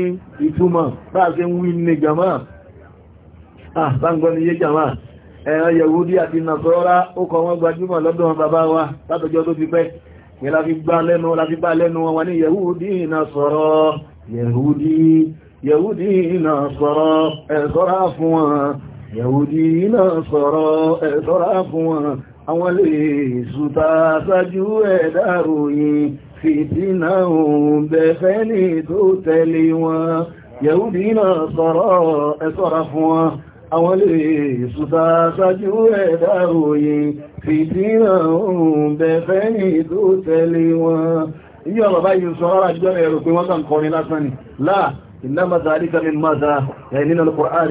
ìtumọ̀ báṣe ń wí ní jama ah báńgọ́ ni yé jama ẹ̀rọ yẹ̀wúdí àti nàṣọ́ra ó kọ wọ́n gbajúmọ̀ lọ́dọ̀ wọn bàbá wa látọjọ́ tó ti pẹ́ yẹn láti gbá lẹ́nu láti bá lẹ́nu wọn wà ní yẹ̀wúdí nàṣọ́ra yẹ̀wúdí yẹ̀wúdí fún wọn àwọn lè ṣùtà sájú ẹ̀dá ròyìn fìtínà òun bẹ̀fẹ́ ní tó tẹ̀lé wọn yẹ̀údí náà sọ̀rọ̀ ẹ̀sọ́ra fún wọn àwọn lè ṣùtà sájú ẹ̀dá ròyìn fìtínà òun bẹ̀fẹ́ ní tó tẹ̀lé wọn iye ọ̀rọ̀ báyìí sọ ọ́rọ̀ àjọ́ ẹ̀rọ pé wọ́n kàn kọrin lásán ni láà ìlàmà zàríkà min maza ẹ̀ nínú al-Qur'an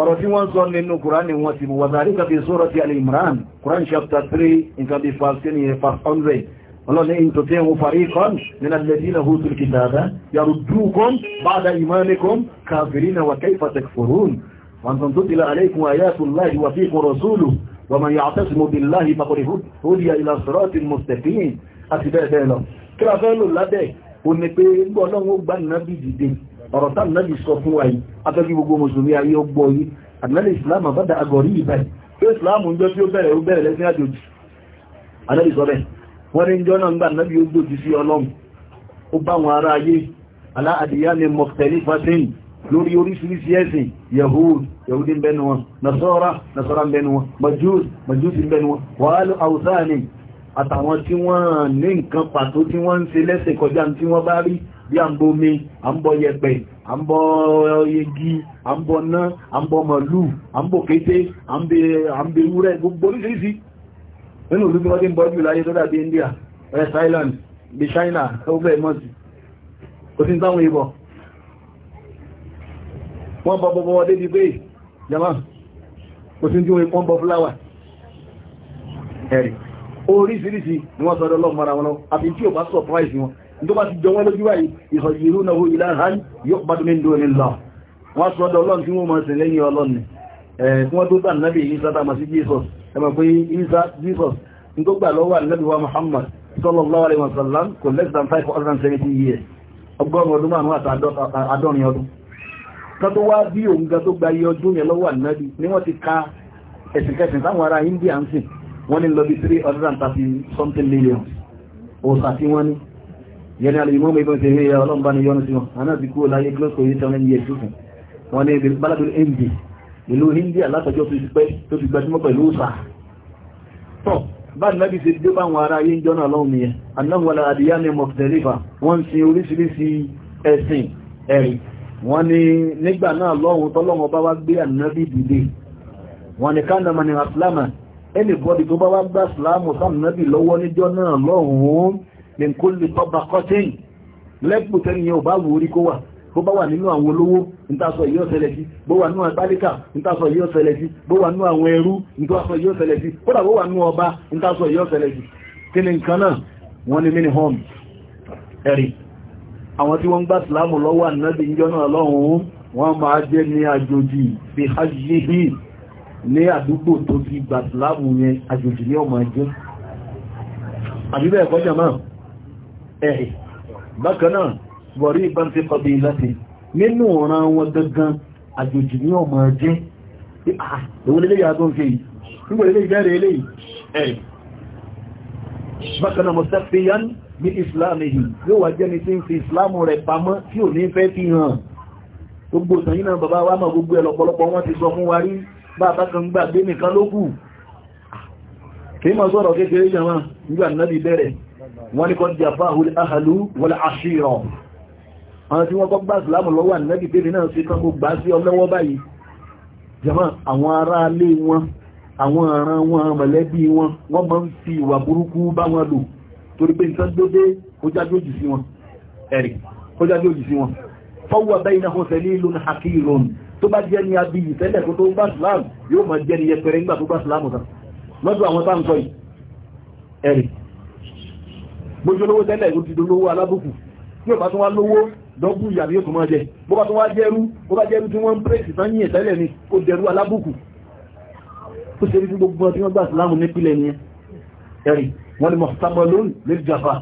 ọ̀rọ̀ tí wọ́n sọ nínú kùránì wọn ti mú wàzàrí kàbí sọ́rọ̀ ti alìmìràn kùrán chapter 3 nǹkan bí fásitì yẹn 500 ọlọ́ni ìntòtí ń farí kan nínú lẹ́dínà hútù kìtàdá yàrù dúkọ́m bada ìmánikọ́m kàfìrínà wà kaifa takfurun wọn tó tilà alaykum ayatullahi wa fikum rasuluhu wa man ya'tasimu billahi faqad hudiya ila siratin mustaqim ọ̀rọ̀ tá nàbì sọ fún wa yìí afẹ́kí gbogbo mùsùlùmí ayé ọgbọ́ yìí àdínàlẹ̀ islam àbádà agọ̀rí ìbáyìí pé islam ń jọ tí ó bẹ̀rẹ̀ ó bẹ̀rẹ̀ lẹ́sìn àjòjì àdínàlẹ̀ sọ bẹ́ẹ̀ wọ́n ní jọ náà gbà nàbì ó gbòjì sí ọlọ́run ó bá wọn ará yahudi ń bẹnu wọn nasọ́ra nasọ́ra ń bẹnu wọn majus majus ń bẹnu wọn wàhálù haúsá ni àtàwọn tí wọ́n ní nǹkan pàtó tí wọ́n ń ṣe lẹ́sẹ̀ kọjá tí wọ́n bá rí bí à ń bọ omi à ń bọ yẹpẹ à ń bọ igi à ń bọ ná à ń bọ màálù à ń bọ kété à ń bẹ ewúrẹ́ gbogbo oríṣiríṣi nínú ìlú tí ń bọ jù láyé tó dàbí India West Island bí China ó fẹ́ mọ́ sí kò sí táwọn ibọ̀ wọ́n bọ bọ́bọ́ wọ́n débi pé jama kò sí tí wọ́n bọ fúláwà ẹ̀rì oríṣiríṣi ni wọ́n sọ́dọ̀ lọ́gbọ́n surprise wọn tó bá ti jọwọ́ lójú báyìí ìsọ̀jìrú náà ilahan yu'badu min dunillah wọ́n sọ́dọ̀ ọlọ́run tí wọ́n mọ̀ sí lẹ́yìn ọlọ́run tí wọ́n tó tà nábì Isa tàmà sí Jesus ẹmọ̀ pé Isa Jesus ní tó gbà lọ́wọ́ ànábì wa Muhammad sallallahu alaihi wasallam kò less than 570 years ọgọ́rùn ọdún márùn àti àádọ́rin ọdún kan tó wá bí òun ga tó gba iye ọdún yẹn lọ́wọ́ ànábì ni wọ́n ti ka ẹ̀sìnkẹsìn táwọn ará India ń sìn wọ́n 330 something million òsà tí wọ́n yẹni alìmọ́ mẹ́bẹ̀ ṣe rí ọlọ́mbà ni yọ́nà sí wọn aná ti kúrò láyé gílọ́sọ̀ yìí tán ní ẹ̀jú fún wọn ní ibi balabul hindi ìlú hindi alátọjọ́ tó ti pẹ́ tó ti gbajúmọ̀ pẹ̀lú ọ̀sà tọ́ bá ní lábí ṣe dé bá àwọn ará yìí jọ́nà lọ́wọ́ nìyẹn anáwọ̀lá adìyá ni mọ̀tẹ́lífà wọ́n sin oríṣiríṣi ẹ̀sìn ẹ̀rì wọ́n ní nígbà náà lọ́hun tọ́lọ́wọ́ bá wá gbé ànábì dìde wọ́n ní kánà mani àsìlámà ẹnìbọ́dì tó bá wá gbá àsìlámù sáà nábì lọ́wọ́ níjọ́ náà lọ́hun min kulli tabaqatin lẹ́pù tẹ́ni yẹn ò bá wù orí kó wà bó bá wà nínú àwọn olówó nítàsọ yíó ṣẹlẹ̀ sí bó wà nínú àgbálíkà nítàsọ yíó ṣẹlẹ̀ sí bó wà nínú àwọn ẹrú nítàsọ yíó ṣẹlẹ̀ sí kódà bó wa nínú ọba nítàsọ yíó ṣẹlẹ̀ sí kí ni nǹkan náà wọ́n ni mini home ẹ̀rì àwọn tí wọ́n gbá ìsìlámù lọ́wọ́ ànábì ìjọ náà lọ́hùn wọ́n máa jẹ́ ní àjòjì fi hajjihi ní àdúgbò tó ti gbà yẹn àjòjì ní ọmọ ẹjẹ́ àbíbẹ̀ ẹ̀kọ́ jẹ́ máa ẹ̀hì bákanáà wọ̀rí ìbántí kọbí láti nínú ọ̀ràn wọn gangan àjòjì ní ọmọ jẹ́ ìwọ̀n ilé yàtọ̀ ń fi nígbàlẹ̀ ilé ìbẹ̀rẹ̀ ilé ẹ̀hì bákanáà mọ̀sáfíyàn ní ìsìláàmù yìí yóò wà jẹ́ni tí ń fi ìsìláàmù rẹ̀ pamọ́ tí ò ní fẹ́ fi hàn gbogbo ìtàn yìí náà bàbá wa mọ̀ gbogbo ẹ̀lọ̀pọ̀lọpọ̀ wọn ti sọ fún wa rí bàbá kan gbàgbé nìkan lókù kí mọ̀ sọ̀rọ̀ kékeré wọ́n ní kọ́ jẹ́ fáhùl ahàlú wọ́n àṣírọ̀ àwọn tí wọ́n kọ́ gbá ìsìlámù lọ́wọ́ ànẹ́bì tèmi náà sí kan kó gbá sí ọlọ́wọ́ báyìí jẹ́mọ́ àwọn ará ilé wọn àwọn ọ̀ràn wọn mọ̀lẹ́bí wọn wọ́n máa ń fi ìwà burúkú bá wọn lò torí pé nǹkan dódé ó ó jáde òjì sí wọn ẹ̀rì bójú olówó tẹ́lẹ̀ ló ti dolówó alábùkù tí ò bá tún wá lówó dọ́gbù ìyàrí ètò máa jẹ bó bá tún wá jẹ́rú bó bá jẹ́rú tí wọ́n ń pèsè tán yìí tẹ́lẹ̀ ni ó jẹ́rú alábùkù ó ṣe rí fún gbogbo ọdún ọgbà ìsìláàmù nípìnlẹ̀ ni ẹ̀rì wọ́n ni mọ̀sánmọ́ lónìí lè jàfà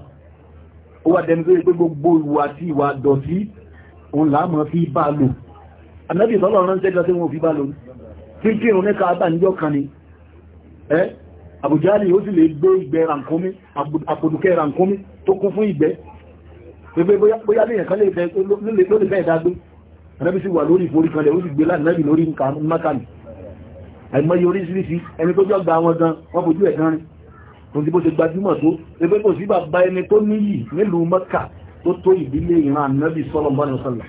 ó wà dẹni tó yẹ pé gbogbo ìwà àti ìwà dọ̀tí òun láàmọ́ fi bá lò ànábì ìtọ́lọ̀ ránṣẹ́ jọ sí wọn fi bá lò kí kírun ní ká bá níjọ́ kan ni àbújáàlì ó sì lè gbé ìgbẹ́ ràǹkómi àpòdùkẹ́ ràǹkómi tó kún fún ìgbẹ́ pẹ̀pẹ́ bóyá lèyàn kan lè fẹ́ ìdágbé rẹ́bí sí wà lórí ìforí kan lẹ̀ ó sì gbé láti lórí mákàmì àìmọye oríṣiríṣi ẹni tó jọ gba wọn gan wọ́n fojú ẹ̀ gan rin tó ti bó ṣe gbajúmọ̀ tó pẹ̀pẹ́ kò sí bàbá ẹni tó níyì nílùú Mẹ́kà tó tó ìdílé ìran ànábì sọ́lọ̀ mọ́nà sọ́lọ̀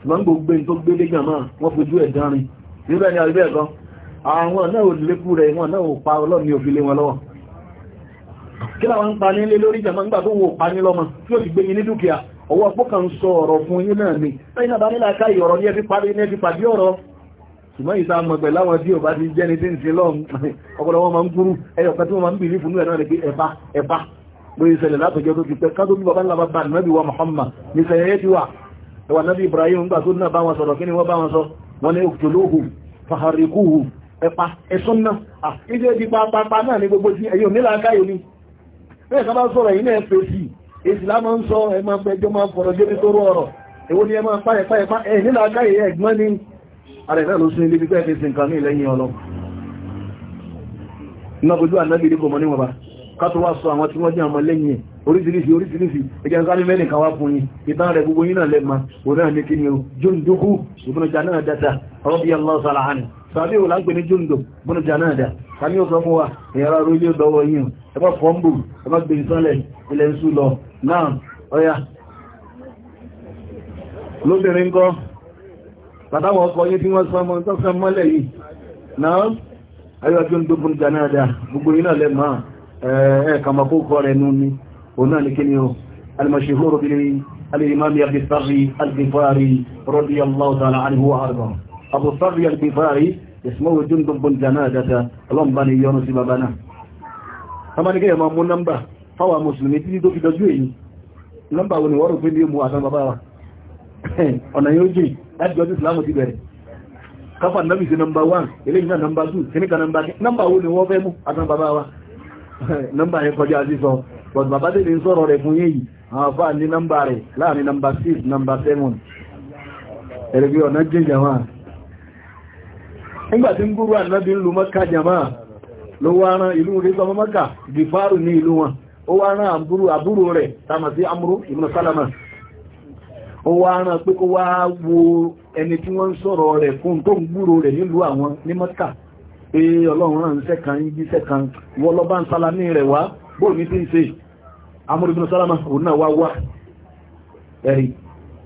ṣùgbọ́n gbogbo ẹni tó gbélé gan náà wọ́n fojú ẹ̀ gan rin níbẹ̀ ni àríbẹ̀ gan àwọn náà lékú rẹ̀ wọn náà pa ọlọ́ni òfilé wọn lọ́wọ́ kí láwọn ń pa ní ilé lórí jẹmọ́ nígbà tó wò pa ní lọ́mọ tí ó ti gbé yín ní dúkìá ọwọ́ pọ́kà ń sọ ọ̀rọ̀ fún yín náà ni lẹ́yìn náà bá nílá ká ìyọ̀rọ̀ ní ẹbí parí ní ẹbí pàdé ọ̀rọ̀ ṣùgbọ́n ìsá mọ̀ pẹ̀lú àwọn tí ò bá ti jẹ́ni tí ń sin lọ́m ọkọ̀lọ́ wọn Muhammad ní sẹ̀yẹ́ yẹ́ ti Ibrahim ń gbà tó náà bá wọn sọ̀rọ̀ kí ni wọ́n bá ẹ̀pa ẹ̀sùn náà ilé ibi pàápàá náà ní gbogbo sí ẹ̀yọ́ nílà káyò ní bẹ́ẹ̀ sábà sọ̀rọ̀ yìí náà fèsì èsì lámọ́ ń sọ ẹmọ pẹjọ máa fọ̀rọ̀ débi tó rọrọ̀ èwo ni ẹmọ páyẹpáyẹpá ẹ̀ nílà káyò ẹ̀gbọ́n ní ààrẹ náà ló sún ilé ibi pẹ́ẹ̀ fèsì nǹkan ní ìlẹ́yìn ọlọ iná kojú ànábì ní kò mọ níwọ̀n bá ká tó wá sọ àwọn tí wọ́n jẹ́ ọmọ lẹ́yìn oríṣiríṣi oríṣiríṣi ẹgbẹ́ sáré mẹ́rin kan wá fún yí ìtàn rẹ̀ gbogbo yínà lẹ́gbà òun náà ní kí ni o jùndùkú ìbúnú jànáà dáta ọ̀rọ̀bí aláwọ̀sára hàn sàbí ò láńpẹ́ ní jùndù ìbúnú jànáà dá sàbí ò sọ fún wa ìyára orílẹ̀ ọdọ́wọ́ yìí ẹgbẹ́ fọ́mbù ẹgbẹ́ gbé ìsánlẹ̀ ilẹ̀ ìsú lọ náà ọya lóbìnrin kọ́ bàtàwọn ọkọ̀ yìí tí wọ́n sọmọ tọ́sán mọ́lẹ̀ yìí náà ayọ́ jùndù ìbúnú jànáà dá gbogbo yínà lẹ́gbà ẹ̀ẹ̀kàmọ́kó kọ́ rẹ̀ nú ni هنالك المشهور بالإمام أبي الثري الغفاري رضي الله تعالى عنه وأرضاه أبو الثري الغفاري اسمه جندب بن جنادة اللهم بني يونس بابنا kama ní gẹ́yẹ̀ ma mú nọ́mbà fáwà mùsùlùmí títí tó fi dọjú èyí nọ́mbà wọn ni wọ́n rò pé ní mú àtàn bàbá wa ọ̀nà yóò jìn láti ọdún ìsìlámù ti bẹ̀rẹ̀ káfà nọ́bì sí nọ́mbà 1 eléyìn náà nọ́mbà 2 síníkà nọ́mbà 3 nọ́mbà wọn ni wọ́n fẹ́ mú àtàn bàbá wa nọ́mbà yẹn kọjá sí sọ but bàbá tèmi ń sọ̀rọ̀ rẹ̀ fún yìí àwọn afá ní nọ́mbà rẹ̀ láàrin nọ́mbà 6 nọ́mbà 7 ẹ̀rẹ̀gbẹ̀ ọ̀nà jẹ́ jama nígbàtí ń gúrú ànábí ń lu mọ́ká jama ló wá rán ìlú rígbọmọ mọ́ká gifáàrù ní ìlú wọn ó wá rán àbúrò rẹ̀ tàmà amúrú ibn salama ó wá rán pé kó wá wo ẹni tí wọ́n ń sọ̀rọ̀ rẹ̀ fún tó ń gúrú rẹ̀ nílùú àwọn ní mọ́ká pé ọlọ́run ránṣẹ́ kan yíjíṣẹ́ kan wọ́lọ́bá ń salami rẹ̀ wá bóòlù ní sí ń ṣe amúrúbínú sálámà òun náà wá wá ẹ̀rí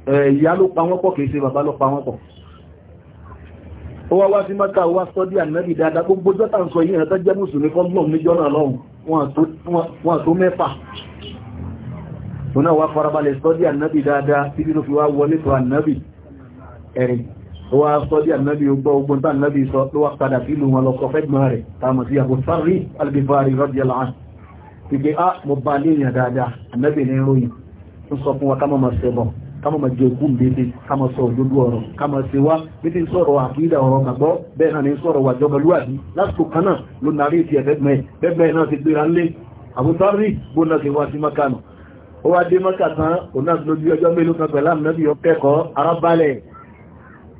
ìyá ló pa wọ́n pọ̀ kìí ṣe bàbá ló pa wọ́n pọ̀ ó wá wá sí mọ́ta wá sọ́dí ànábì dáadáa gbogbo jọ́ta ń sọ yìí ẹ̀tọ́ jẹ́ mùsùlùmí fọ́gbọ̀n níjọ́ náà lọ́hùn wọn tó mẹ́fà tó náà wá farabalẹ̀ sọ́dí ànábì dáadáa tí bí ló fi wá wọlé tó ànábì ẹ̀rìn tó wá sọ́dí ànábì ogbọ́ ogun tá ànábì pípé á ah, mo bá lè yàn dáadáa ànábì ní ròyìn ń sọ fún wa ká mọ́ mọ́ sẹ́bọ̀ ká mọ́ mọ́ jẹ òkú mbété ká mọ́ sọ òdodo ọ̀rọ̀ ká mọ́ ṣe wá bí ti ń sọ̀rọ̀ àkídà ọ̀rọ̀ gbàgbọ́ bẹ́ẹ̀ náà ni sọ̀rọ̀ wà jọmọlúwàbí lásìkò kan náà ló narí ti ẹ̀fẹ́gbẹ́ bẹ́ẹ̀ náà ti gbéra ńlé àbútọ́rí gbóná ti wá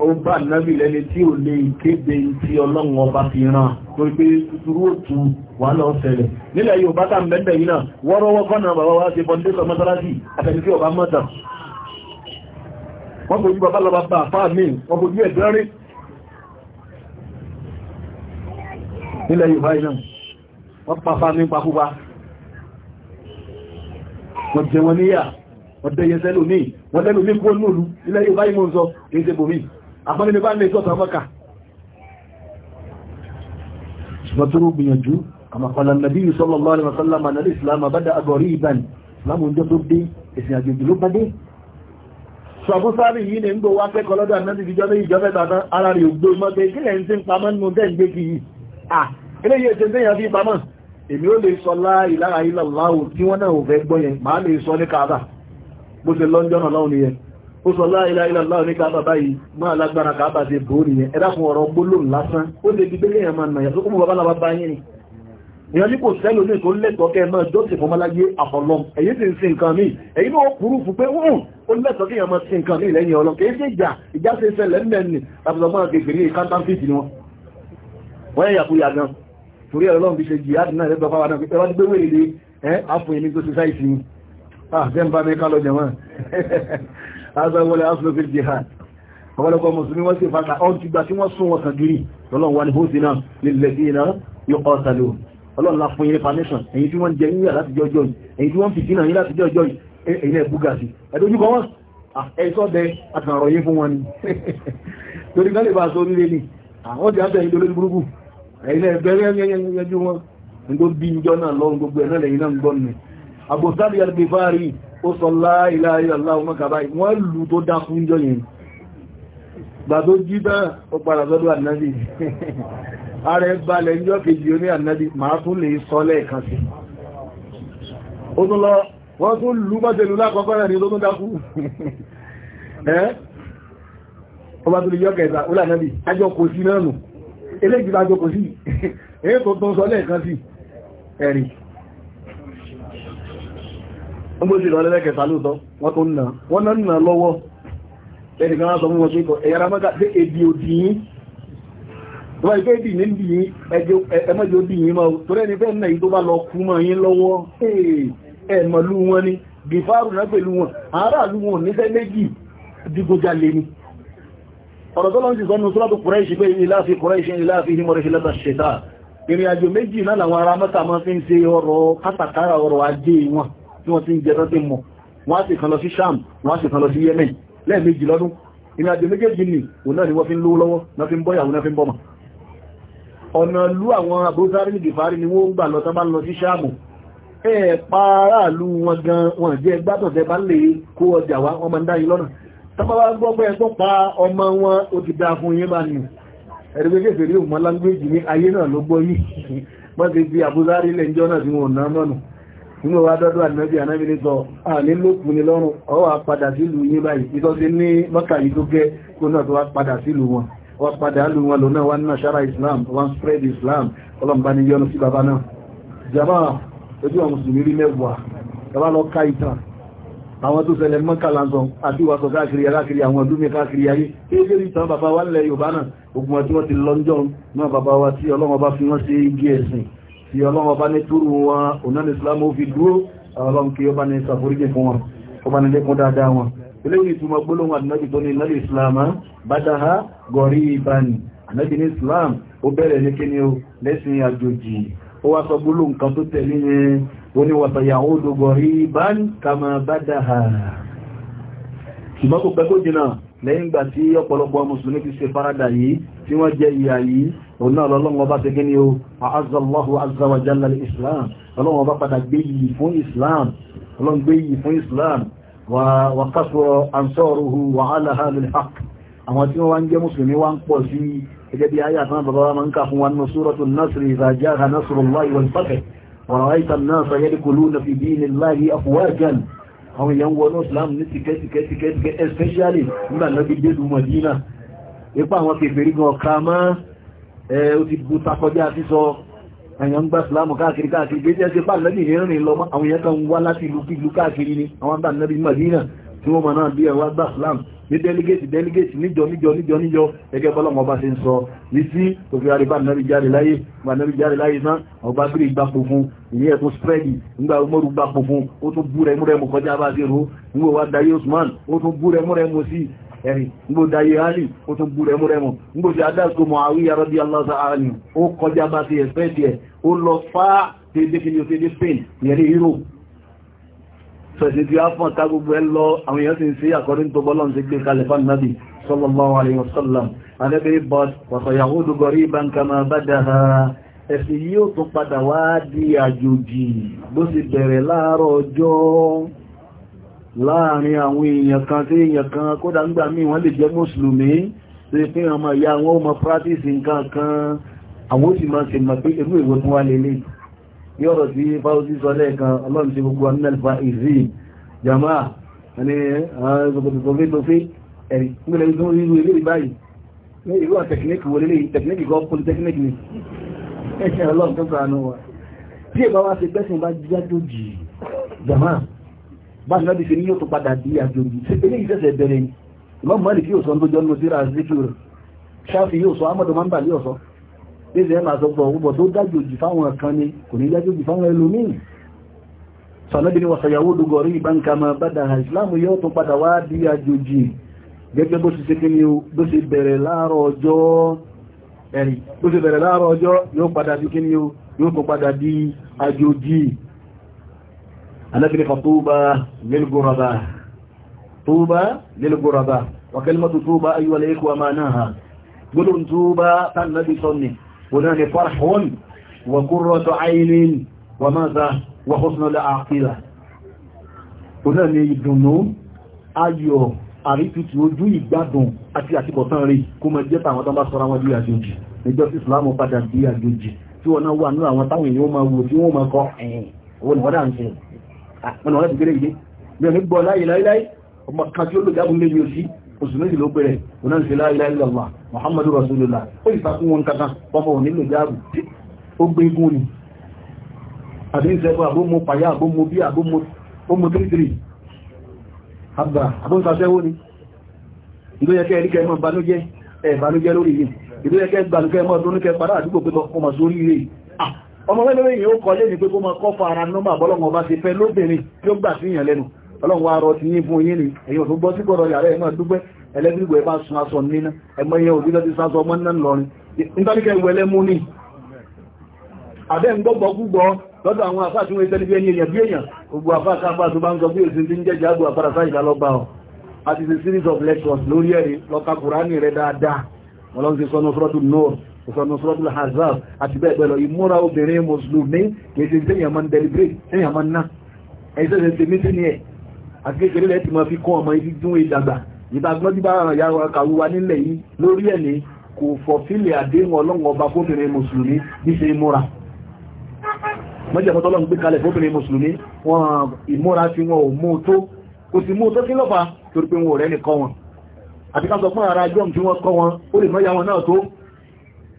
ó bá nábì lẹ́ni tí ò lè kéde tí ọlọ́run ọba fi ràn torí pé dúró òtù wà lọ ṣẹlẹ̀ nílẹ̀ yóò bá tà mẹ́bẹ̀ yìí náà wọ́rọ́wọ́ kọ́nà bàbá wa ṣe bọ́ndẹ́sọ̀ mọ́sálásì àtẹni tí ọba mọ́ta wọ́n kojú bàbá lọ bàbá àfáà mi wọ́n kojú ẹ̀dẹ́rẹ́ nílẹ̀ yóò bá iná wọ́n pa àpọ́nlẹ̀ bá lè sọ́tọ̀ mọ́ka ṣùgbọ́n tó rú gbìyànjú àmàkọ̀lá nàbí sallallahu alaihi wasallam nàlẹ́ ìsìlámà bá dá agọ̀rí ìbàn láàmù ń jọ tó dé ẹ̀sìn àjèjì ló bá dé sọ Abu Sarih yìí ní gbò wá kẹ́kọ̀ọ́ lọ́dọ̀ ànábì ìjọ méjì ìjọ mẹ́ta tán ara rẹ̀ ògbó mọ́gbé kí lẹ́yìn tí ń pamọ́ nínú tẹ́ ń gbé kì í à eléyìí ètò ìdẹ́yàn ó sọ láìlá ìlàláà ní káàbà báyìí máa lágbára káàbà ti bò nìyẹn ẹ̀dàkùn ọ̀rọ̀ gbólóhùn lásán ó lè gbígbé lẹ́yìn máa nàyà tó kún mú babaláwa báyìí ni ìyàn ní kò sẹ́lò ní ìtò lẹ́tọ̀ọ́ kẹ́ máa jọ́sìn fún máláyé àfọlọ́m èyí sì ń sin nǹkan míì èyí náà kúrú fún pé wọ́n ó lẹ́tọ̀ọ́ kí èèyàn máa sin nǹkan míì lẹ́yìn ọlọ́ kìí sí ìjà ìjà sí ìṣẹ̀lẹ̀ mẹ́rin àbùsọ̀mọ́ àgbègbèrè kántánfíìsì ni wọ́n wọ́n yẹ gan ah jẹ́ ń هذا هو الأصل في الجهاد ọ̀pọ̀lọpọ̀ musulmi wọ́n sì fata ọ́n ti gbà tí wọ́n sún wọn kan gírí lọ́lọ́n wà ní hóòsì náà lèlèdè náà yóò ọ̀sàlò ọlọ́nà fún ilé permission èyí tí wọ́n jẹ yíyà láti jọjọ́ yìí èyí tí wọ́n fi dínà yí láti jọjọ́ yìí ilẹ̀ búgà sí ẹ̀dójúkọ wọ́n ẹ̀sọ́ bẹ àtàrọ̀ yí fún wọn ni torí kan lè bá sọ nílé ni àwọn ti àtẹ̀yìn tó lórí burúkú ilẹ̀ bẹ̀rẹ̀ yẹjú wọn ní tó bí ìjọ náà lọ́rùn gbogbo ẹ̀ náà lẹ́yìn náà ń gbọ́n ni àbòsáàdì alìbìfàárí ó sọ láìlá ìlàlá ọmọ kàbáyì wọ́n lù tó dá fún jọ yìí gbà tó jídá ó padà sọ́dọ̀ ànábì ààrẹ balẹ̀ ń jọ kejì oní ànábì máa tún lè sọ lẹ́ẹ̀kan sí ó tún lọ wọ́n tún lù mọ́tẹ̀lú lákọ́kọ́ rẹ̀ ní tó tún dákú ọba tó lè yọ́ kẹta ó lànàbì ajọ kò sí náà nù eléjìbá ajọ kò sí èyí tó tún sọ lẹ́ẹ̀kan sí ẹ̀rìn gbóṣì lọ lẹ́lẹ́kẹta lóòtọ́ wọ́n tó nà wọ́n náà nà lọ́wọ́ ẹnìkan sọ fún wọn sí ikọ̀ ẹ̀yàrá mọ́gá dé èdè òdì yín tó bá ìfẹ́ èdè níbi yín ẹmọ́jì òdì yín mọ́ tó rẹ́ni fẹ́ nà yìí bá lọ kú mọ́ yín lọ́wọ́ ẹ̀mọ̀lú ni gìfárù náà méjì ni ọ̀rọ̀ tó lọ́n sì sọ́nu tó látò Quraish pé ilá fi Quraish ilá fi himọ̀ rẹ̀ ṣe lẹ́ta ṣẹ̀dá ìrìn àjò méjì náà làwọn ará mẹ́ta máa fi ń ṣe ọrọ̀ kátàkárà ọrọ̀ ajé wọn tí wọ́n ti ń jẹ́tọ́ tí mọ̀ wọ́n sì kan lọ sí Sham wọ́n sì kan lọ sí Yemen lẹ́ẹ̀mejì lọ́dún ìrìn àjò méjèèjì ni òun náà ni wọ́n fi ń lówó lọ́wọ́ na fi ń bọ́yàwó na fi ń bọ́mà ọ̀nà lú àwọn abúrúsárí ní dìfàárí ni wọ́n ń gbà lọ tọ́bá lọ sí Ṣáàmù ẹ̀ pàáràlú wọn gan wọn jẹ́ gbádọ̀tẹ́ bá lè kó ọjà wá wọn máa ń dáyé lọ́nà tọ́bá wá gbọ́gbẹ́ tó pa ọmọ wọn ó ti dáa fún yín bá nù ẹ̀rí pé kéfèrè òun mọ́ láńgbéjì ní ayé náà ló gbọ́ yìí wọ́n ti fi abúrúsárí lẹ́jọ́ náà tí wọn ò ná mọ́nù nínú wa dọ́dọ́ àdínẹ́bí ànábí ní sọ àní lókùn ní lọ́rùn ọwà padà sílù yí báyìí ìtọ́sí ní mọ́kà yìí tó gẹ́ kó náà tó wá padà sílù wọn wá padà lù wọn lónà wá náà ṣára islam wá ń spread islam ọlọ́mbà ní yọnu sí bàbá náà jama ojú àwọn mùsùlùmí rí mẹ́wàá bàbá lọ ká ìtàn àwọn tó ṣẹlẹ̀ mọ́kà lansan àti ìwàsọ káàkiri aláàkiri àwọn ọdún mi káàkiri ayé tí ó lérí ìtàn bàbá wa nílẹ̀ Yorùbá náà ogun àti wọ́n ti lọ́njọ́ náà bàbá wa tí Ọlọ́run bá fi wọ́n sí igi ẹ̀sìn tí ọlọ́wọ́ bá ní túrù wọn onáni islam ó fi dúró ọlọ́run kí ó bá ní sàforíjì fún wọn ó bá ní lékún dáadáa wọn eléyìí túnmọ̀ gbólóhùn àdínábì tó ní ìnáyì islam bádáha gọ̀rí ìbáni ànábì ní islam ó bẹ̀rẹ̀ ní o lẹ́sìn àjòjì ó wá sọ gbólóhùn kan tó tẹ̀lé yẹn ó ní wàtàyà lẹ́yìn gbà tí ọ̀pọ̀lọpọ̀ mùsùlùmí ti ṣe farada yìí tí wọ́n jẹ ìyà yìí òun náà lọ́lọ́wọ́ bá ṣe gíní o àázọ́lọ́hù azawajalla islam ọlọ́wọ́ bá padà gbé yìí fún islam ọlọ́wọ́ gbé yìí fún islam wà kásọ̀rọ̀ àwọn èèyàn wọ ní islam ní tìkẹ́tìkẹ́tìkẹ́ especially nígbà náà gbígbé lu mọ̀dínà ipá àwọn kèfèrí gan ọ̀ká mọ́ ẹ o ti bu takọjá sísọ àyàn gba islam káàkiri káàkiri gbé jẹ́ sí pàdánù ìrìn lọ àwọn èèyàn kan wá láti ìlú kílù káàkiri ni àwọn bá náà bí mọ̀dínà tí wọ́n mọ̀ náà bí ẹwà gbà Islam ní delegate delegate níjọ níjọ níjọ níjọ gẹ́gẹ́ bọ́lọ́mọ ọba ṣe ń sọ ní sí òfin àríbá nàbí jáde láyé ìgbà nàbí jáde láyé náà ọba gírí gbapò fún ìyẹ́ ẹ̀kún spreadi ńgbà Umaru gbapò fún ó tún bú rẹ múrẹ mú kọjá bá ṣe rú ńgbà wá dayé Usman ó tún bú rẹ múrẹ mú sí ẹ̀rì ńgbò dayé Ali ó tún bú rẹ múrẹ mú ńgbò sí adásko Muawiya radiyallahu ta'ala anhu ó kọjá bá ṣe ẹ̀fẹ́ tiẹ̀ ó lọ fá dédé ó ti Spain ìyẹn Europe fẹ̀sẹ̀ tí a fún ọ̀tá gbogbo ẹ lọ àwọn èèyàn sì ń sí according to bọ́lọ́n sí gbé kalẹ̀ fún nàbì sallallahu alayhi wa sallam alẹ́bẹ̀rẹ̀ bọ́t wàtọ̀yàwódù goriban kama badaha ẹ̀sì yíò tó padà wá di àjòjì bó sì bẹ̀rẹ̀ láàárọ̀ yọ́rọ̀ tí fáwọ́sí sọ lẹ́ẹ̀kan ọlọ́run ti gbogbo anẹ́lfà ìzí jama ní ọgbọ̀gbọ̀gbọ̀gbọ̀gbẹ̀ ẹ̀rí nígbẹ̀lẹ̀ ìgbẹ̀rún irú ilé ìbáyìí irú àtẹ̀kìníkì wọlé tẹ̀kìníkì gọ́ polytechnic ni ẹ̀ṣẹ̀ ọlọ́run tó gbà náà wà tí ẹ̀bá wá ti pẹ́sìn bá jájòjì jama bá tó padà di àjòjì sí ilé ìfẹ́sẹ̀ bẹ̀rẹ̀ ìmọ̀ mọ́lì kí yóò sọ ń tó jọ́ nù síra zikiru ṣáfi yóò sọ amọ́dọ̀ máa ń bà ní ọ̀sọ́ ìsẹ̀ máa sọ pọ̀ ọgbọ̀ tó dájòjì fáwọn kan ni kò ní dájòjì fáwọn ẹlòmíì sọ̀nàbí ni wọ̀sàyàwó dùgọ̀rí ìbánkà máa bádà ìsìláàmù yóò tó padà wá di àjòjì gẹ́gẹ́ bó ṣe kí ni bó ṣe bẹ̀rẹ̀ láàárọ̀ ọjọ́ yóò padà di kí ni yóò tó padà di àjòjì alábìnrin fàtúbà lẹ́lgọ́rọ̀bà túbà lẹ́lgọ́rọ̀bà wàkẹ́lmọ́tù túbà ayúwàlẹ́ ikú àmà náà gbọ́dọ̀ tánàbí sọ́nì ونحن فرح وقرة عين وماذا وحسن العقيدة ونحن يدنون ayọ̀ àríkì tí ojú ìgbádùn àti àtìkọ̀tán rí kó mọ jẹ́ tàwọn tán bá sọ́ra wọn bí àjòjì níjọ́ tí ìsìláàmù padà bí àjòjì tí wọ́n náà wà ní àwọn táwọn èèyàn máa wò tí wọ́n máa kọ ẹ̀yìn owó ah, ní oṣù méjì ló pẹ̀rẹ̀ òun náà ṣe la ilaha illallah muhammadu rasulullah ó ìtakún wọn kankan pọ́pọ̀ òun nílò jáàbù ó gbé gún ni àbí ìṣẹ́gbọ́ àbómo pàyà àbómo bí àbómo tírítírí àbà àbóǹsàṣẹ́wó ni ìlóyẹ̀kẹ́ ẹ̀ríkẹ́ mọ́ banújẹ́ ẹ̀ banújẹ́ lórí yìí ìlóyẹ̀kẹ́ gbàlùkẹ́ mọ́ ọdúnúkẹ́ padà àdúgbò pé ọmọ sórí ilé ọmọ mẹ́lẹ́rẹ́ yìí ó kọlé ní pé kó mọ́ kọ́fà ara nọ́mbà bọ́lọ́mọ bá ti fẹ́ lóbìnrin tí ó gbà sí ìyàn ọlọ́run wa rọ ti ní fún yín ni èyàn tó gbọ́ sípò rọrì ààrẹ náà dúpẹ́ ẹlẹ́gbẹ̀gbẹ̀ ẹ bá sun aṣọ nínú ẹmọ iye òbí lọ́ti sáṣọ ọmọ náà lọrin nítoríkẹ́ ìwẹ̀ lẹ́mú ni àbẹ́ ń gbọ́gbọ́ gbúgbọ́ lọ́dọ̀ àwọn afá tí wọ́n ṣe níbi ẹni èèyàn bí èèyàn gbogbo afá káfá tó bá ń sọ bí òsì ti ń jẹ́ jágbó àpárasá ìdálọ́gbà ọ̀ àti ti mítí ní ẹ̀ àti kékeré rẹ̀ ti mọ́ fi kún ọmọ ibi dún ìdàgbà ìtàgbọ́n tí bá ràn ya kàwúwa nílẹ̀ yìí lórí ẹ̀ ní kò fọ̀fílẹ̀ àdéhùn ọlọ́run ọba fóbìnrin mùsùlùmí bí ṣe múra mọ́jẹ̀mọ́tọ́lọ́run gbé kalẹ̀ fóbìnrin mùsùlùmí wọn ìmúra tí wọn ò mú tó kò sì mú tó kí lọ́fà torí pé wọn ò rẹ́ni kọ́ wọn àti ká sọ ara jọ́m tí wọ́n kọ́ wọn ó lè mọ́ya wọn náà tó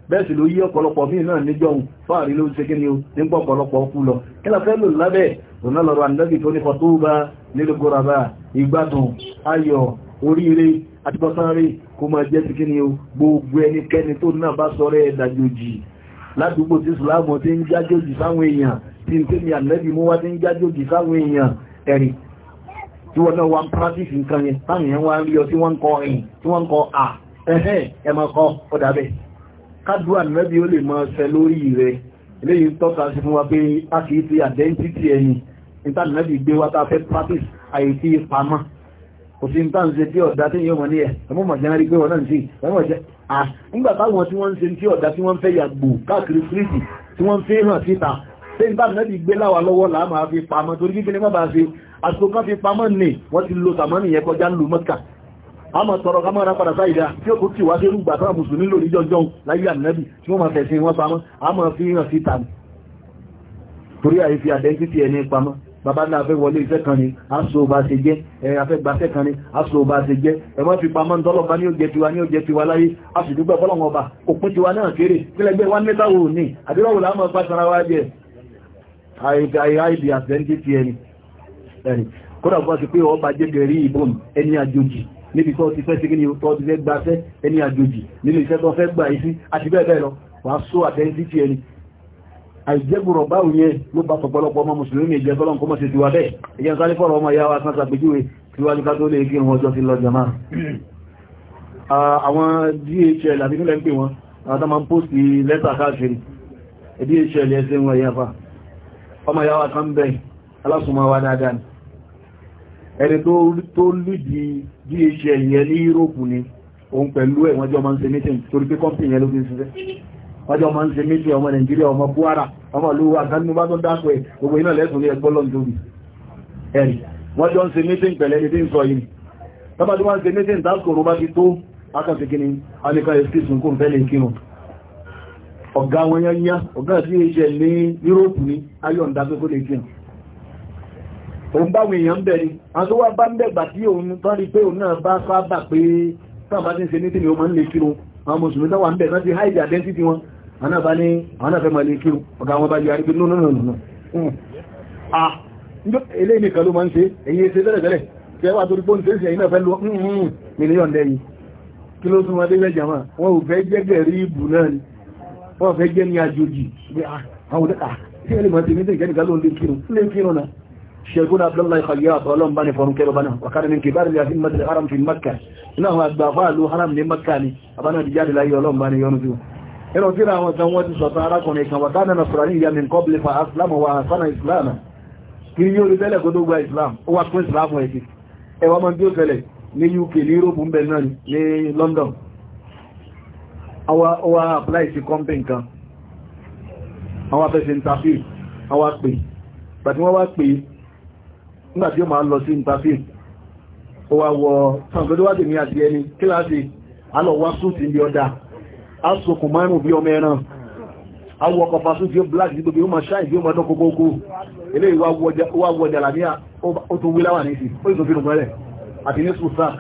bẹ́ẹ̀ sì ló yí ọ̀pọ̀lọpọ̀ míì náà níjọ́hùn fáàrí ló ń ṣe kí ni ó ní pọ̀ ọ̀pọ̀lọpọ̀ kú lọ kí la fẹ́ lò lábẹ́ ọ̀nà lọ́rọ̀ àndẹ́bì tó ní fọ̀túbà nílùú gọ́ràbà ìgbádùn ayọ̀ oríire àtibọ́sánrí kó máa jẹ́ ti kíni gbogbo ẹnikẹ́ni tó náà bá sọ́rẹ́ ẹ̀dàjòjì ládùúgbò tí ìsìláàmù ti ń jájòjì sáwọn èèyàn tí n tẹ́mi àndẹ́bì mú wá ti ń jájòjì sáwọn èèyàn ẹ̀rì tí wọ́n náà wá ń pàtàkì nǹkan yẹn wá tí ń eléyìí tọ́ka sí fún wa pé a kì í ti identity ẹni ìtànàbí gbé wa ta fẹ́ practice àìsí pamọ́ kò sí ìtàn ṣe tí ọ̀dá tí yóò mọ̀ ní ẹ̀ ẹmọ́ mọ̀ jẹ́rẹ́ pé wọ́n náà sí ẹmọ́ jẹ́ à nígbà táwọn tí wọ́n ń ṣe tí ọ̀dá tí wọ́n fẹ́ yàgbò káàkiri fíríìtì tí wọ́n fẹ́ hàn síta tí ìtànàbí gbé láwa lọ́wọ́ là máa fi pamọ́ torí kíkẹ́ ní mọ́ bá ṣe àsìkò kan fi pamọ́ nì wọ́n ti lo a máa tọrọ ká mọ́ra padà sáìdá tí ó kú kí wá sí orúgbà sáà mùsùlùmí lórí jọjọ́ láyé ànẹ́bì tí wọ́n máa fẹ̀sìn wọn pamọ́ a máa fi hàn síta torí àyè fi àdẹ́ntítì ẹni pamọ́ bàbá náà fẹ́ wọlé iṣẹ́ kan ni a so bá ṣe jẹ́ ẹ̀yàfẹ́ gbàṣẹ́ kan ni a so bá ṣe jẹ́ ẹ̀mọ́ fi pamọ́ ń tọ́lọ́pá ní òjẹ́ tiwa ní òjẹ́ tiwa láyé a sì dúgbẹ́ fọ́lọ́wọ́ ọba òpin tiwa náà kéré tílẹ̀gbẹ́ wá mẹ́ta wò ní àdúrọ̀wò láàmọ́ pàṣẹra wá jẹ́ àìdí níbi tó ti fẹ́ sí kíni tó ti fẹ́ gbaṣẹ́ ẹni àjòjì nílé iṣẹ́ tó fẹ́ gbà isi àti bẹ́ẹ̀ bẹ́ẹ̀ lọ wà só àtẹ́sí ti ẹni àìjẹ́gbùrọ̀ báwọn yẹn ló bá tọ̀pọ̀lọpọ̀ ọmọ mùsùlùmí ìjẹ́ tọ́lọ́n kó mọ̀ sí tiwa bẹ́ẹ̀ ìjẹ́ sáré fọ́rọ̀ ọmọ ìyá wa sán sàpèjúwe tíwájú ká tó lè kí wọn ọjọ́ sí lọ ah, DHL àbí nílẹ̀ ń pè wọn àwọn tó máa ń post lẹ́tà káàkiri DHL ẹsẹ̀ wọn ìyá fa ọmọ ìyá wa kan bẹ́ẹ̀ alásùnmọ́ wa dáadáa ni ẹni tó di díẹ̀ṣẹ̀ ìyẹn ní Europe ni òun pẹ̀lú ẹ̀ wọ́n jọ máa ń ṣe meeting torí pé company yẹn ló fi ń ṣiṣẹ́ wọ́n jọ máa ń ṣe meeting ọmọ Nàìjíríà ọmọ Buhara ọmọ olówó àgbánú bá tó dákọ̀ ẹ̀ gbogbo iná lẹ́sùn ní ẹgbọ́ lọ́njọ́bì ẹ̀rì wọ́n jọ òun báwọn èèyàn ń bẹ̀rẹ̀ àwọn tó wá bá ń bẹ̀gbà tí òun tán rí pé òun náà bá sábà pé sábà tí ń ṣe ní tí ni ó máa ń kírun àwọn mùsùlùmí tó wà ń bẹ̀ láti hide identity wọn àwọn náà bá ní àwọn náà fẹ́ máa lè kírun ọ̀gá wọn bá yọ arí pé no no no no ah hmm. ilé nìkan ló máa ń ṣe èyí ṣe tẹ́lẹ̀ tẹ́lẹ̀ tí ẹ wà torí pé ó ń ṣe ìṣẹ̀yìn náà fẹ́ lọ hmm, hmm, mílíọ̀n dẹ́yìn kí ló tún wọn dé ni wọn fẹ́ jẹ́ ní àjòjì pé ah àwọn òdẹ́ka ah, tí ẹ lè máa ṣẹ̀gún abdullahi khayyat ọlọ́n bá ní fọ́nù kẹrọ bá náà wàkàrí ní kìbárí ya fi mẹ́sìlẹ̀ haram fi makka iná wọn àgbàfà ló haram ní makka ni àbáná ti jáde láyé ọlọ́n bá ní yọnu jù ẹ̀rọ tí àwọn tán wọ́n ti sọ̀tán arákùnrin kan wàkàrí na sọ̀rọ̀ níyà min kọ́bìlì fa aslam wa asana islam kí ni yóò rí tẹ́lẹ̀ kó tó gba islam ó wà fún islam ẹ̀ ti ẹwà máa bí ó tẹ́lẹ̀ ní uk ní europe ń bẹ náà ní london àwa apply sí company kan àwa fẹsẹ̀ interview àwa pè pàtí wọ́n wá pè nígbàtí ó máa lọ sí interface ó wá wọ sàǹkọ́dọ́wàdì ní àti ẹni kíláàsì alọ́wà súùtì ní ọdá asokùn márùn bí ọmọ ẹran awọ kọfà súùtì ó black ní gbogbo ma ṣáì bí ó mọ́dán kókókó ilé ìwà wọjà làmí ó tún wí láwà nísì ó ìtò fínú mọ́lẹ̀ àti ní sùsà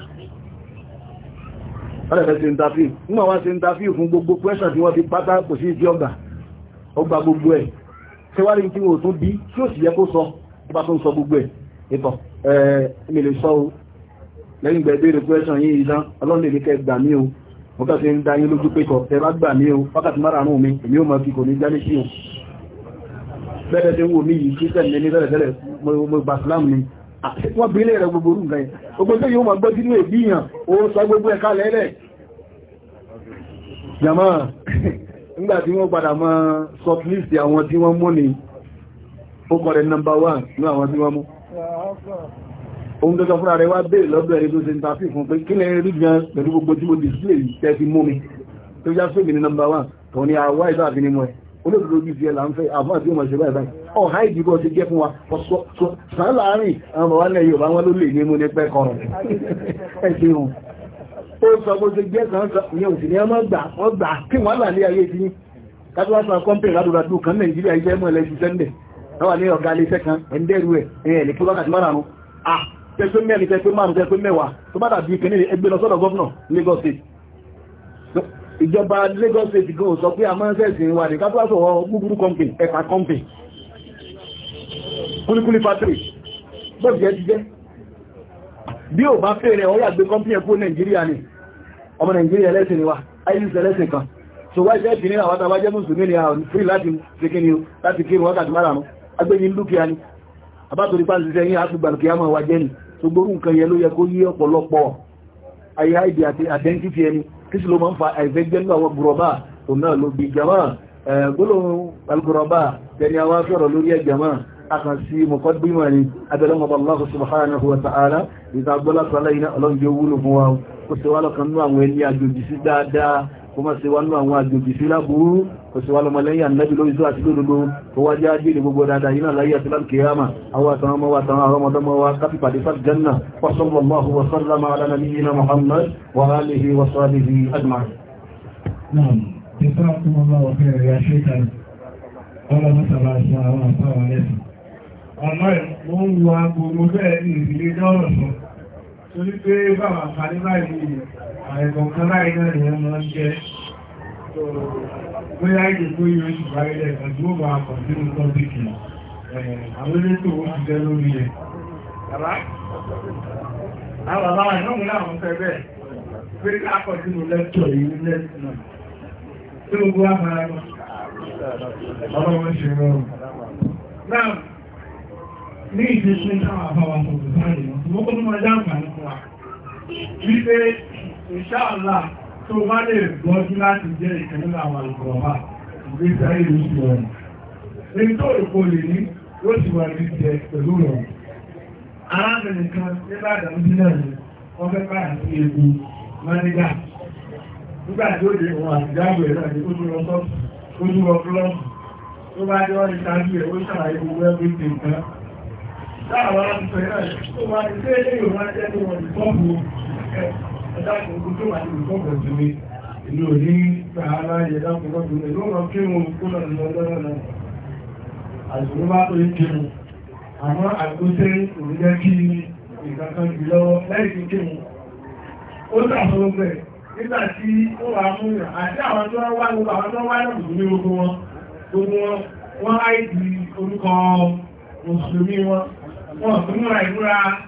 gbogbo ẹ̀ ìtọ̀ ẹ̀mí lè sọ o lẹ́yìn gbẹ̀ bèèrè pẹ́sàn yìí ìdán ọlọ́lẹ̀lẹ́kẹ́ gbà mí o mo kẹ́ sí ń dá yín lójú pẹ́kọ̀ tẹ́bá gbà mí o wákàtí márààrún mi èmi ò mọ̀ fi kò ní jálé sí o bẹ́ẹ̀ tẹ́ wò mí yìí kí tẹ́ ní tẹ́lẹ̀tẹ́lẹ̀ mo gbà sílámù ni ah, wọ́n bí ilé rẹ̀ gbogbo orú nǹkan yẹn gbogbo tó yóò mọ̀ gbọ́ sínú èbí yàn ó sọ gbogbo ẹ̀ka lẹ́lẹ̀ jàmọ́ nígbà tí wọ́n padà mọ́ shortlist àwọn tí wọ́n mú ni ó kọ̀ rẹ̀ number one ní àwọn tí wọ́n mú ohun tó sọ fúnra rẹ̀ wá bèèrè lọ́dọ̀ ẹni tó ṣe ń tàfí fún pé kí lè rí gan pẹ̀lú gbogbo tí mo display tẹ́ fi mú mi tó já sóbì ní nọmbà wà tó ní àwọ́ ìlú àfi ní mọ́ ẹ̀ olóòtú lójú fi ẹ̀là ń fẹ́ àbọ́ àti ọmọ ìṣẹ́bá ìbáyìí ọ̀há ìdìbò ti jẹ́ fún wa sàn láàárín àwọn bàbá ilẹ̀ Yorùbá wọn ló lè ní mú ní pẹ́ kọrùn ẹ̀ṣẹ̀ hàn ó sọ bó ṣe jẹ́ kan ní òsì ní ọmọ gbà wọ́n gbà kí wọ́n là ní ayé ti ní kájúwá sàn kọ́ńpẹ̀ ládùúgbò kan Nàìjíríà ẹwà ní ọ̀gá ilé iṣẹ́ kan ẹ̀ndẹ́rù ẹ̀ ẹ̀yẹ̀ lè kí wákàtí márùn-ún ah tẹ́pẹ́ mẹ́rin tẹ́pẹ́ márùn-ún tẹ́pẹ́ mẹ́wàá tó bá dàbí ìpínlẹ̀ ẹgbẹ́ lọ sọ́dọ̀ gọ́vnà Lagos State ìjọba Lagos State gan sọ pé amọ́nsẹ̀sì wà ní kápásọ̀ gbúgbúrú company ẹ̀ka company kúlíkúlí factory bọ́ọ̀bù jẹ́ jíjẹ́ bí ò bá fẹ́ rẹ̀ ọ yàgbé company ẹ̀kú Nàìjíríà ni ọmọ Nàìjíríà ẹlẹ́sìn ni wa isis ẹlẹ́sìn kan so wáṣẹ́ ìpínlẹ̀ àwọn tàbájẹ́ mùsùlùmí ni a free láti kí wákàtí márùn-ún agbẹ́ni dúkìá ni àbátorí pàṣíṣẹ́ yí àtúgbàlùkì àmọ́ wa jẹ́ ni tó gbórú nǹkan yẹ ló yẹ kó yí ọ̀pọ̀lọpọ̀ ayé àìdí àti àdẹ́ntìtì ẹni kí sì ló máa ń fa àìfẹ́gbẹ́ nínú jama gbólóhùn algùrọ̀bà tẹni àwọn afẹ́rọ̀ jama akan sí mọ̀kọ́dúnmọ̀ ni Allah subhanahu wa ta'ala ìta gbọ́lá sọ́lá iná ọlọ́run jẹ́ wúlò fún wa kó ṣe wá lọ́kàn nú àwọn ẹni àjòjì sí dáadáa kó má ṣe wá nú àwọn àjòjì sí láburú òṣèwà lọmọlẹ́yìn ànẹ́bí lórí tó àti lódodo tó wájá ajílẹ̀ gbogbo dáadáa yínà láyé àti láti kìyàmà àwọn àtàwọn ọmọ wa àtàwọn ọmọdọ́mọ wa káfí pàdé sáà jẹ́nà sallallahu wa sallama ala nabiyyina Muhammad wa alihi wa sahbihi ajma'in Torí báyìí, àìkọ̀ọ̀kan láì ni wọ́n jẹ́ bóyá ìdè tó yọ oṣù parí rẹ̀ tàbí ó máa kọ̀ sínú tọ́pìkì àwọn elétò ó you jẹ́ lórí ẹ̀. Bàbá bàbá ìnáwó náà ń fẹ́ bẹ́ẹ̀ pé káàkọ̀ sínú lẹ́tọ̀ yìí lẹ́tọ̀ náà. Tí gbogbo wa máa lọ, bàbá wọn ṣe rọrùn. Náà ní ìdíṣẹ́ náà àbáwá sọ̀rọ̀ sáà lè mọ́, mo kọ́ tó máa dáàbà nípa wípé ìṣáàlá tó bá lè gbọ́jú láti jẹ́ ìkẹ́lú àwọn ìgbọ̀nbà ìgbésí ayé ló sì rọrùn èyí tó èkó lè ní sì wà ní jẹ pẹ̀lú arábìnrin kan náà ni wọ́n fẹ́ báyà sí ewu mánígà nígbà tí ó dé òun àtìjáàbò ẹ̀rọ àti ojú lọ sọ́ọ̀tù ojú lọ fúlọ́ọ̀tù tó bá dé wọ́n ìtajú ẹ̀ ó ṣàlàyé ẹ̀dàkùn ojú àti ìfọ́kọ̀ sí mi ìlú òní tààrà ẹ̀dàkùn lọ́dún ẹ̀lú ọ̀rọ̀ kí wọn kó lọ́dún lọ́dún náà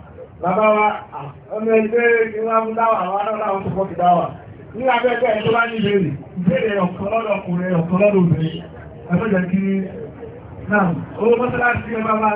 bàbá wa ọmọ ẹgbẹ́ ìwà dáwà àwọn adọ́lá àwọn tó dáwà ní abẹ́gbẹ́ ẹ̀ tó bá ní ìbéèrè ìbéèrè ọ̀kan lọ́dọ̀ ọkùnrin ọ̀kan ẹgbẹ́jẹ̀ kí náà owó mọ́sálásí ẹ bá máa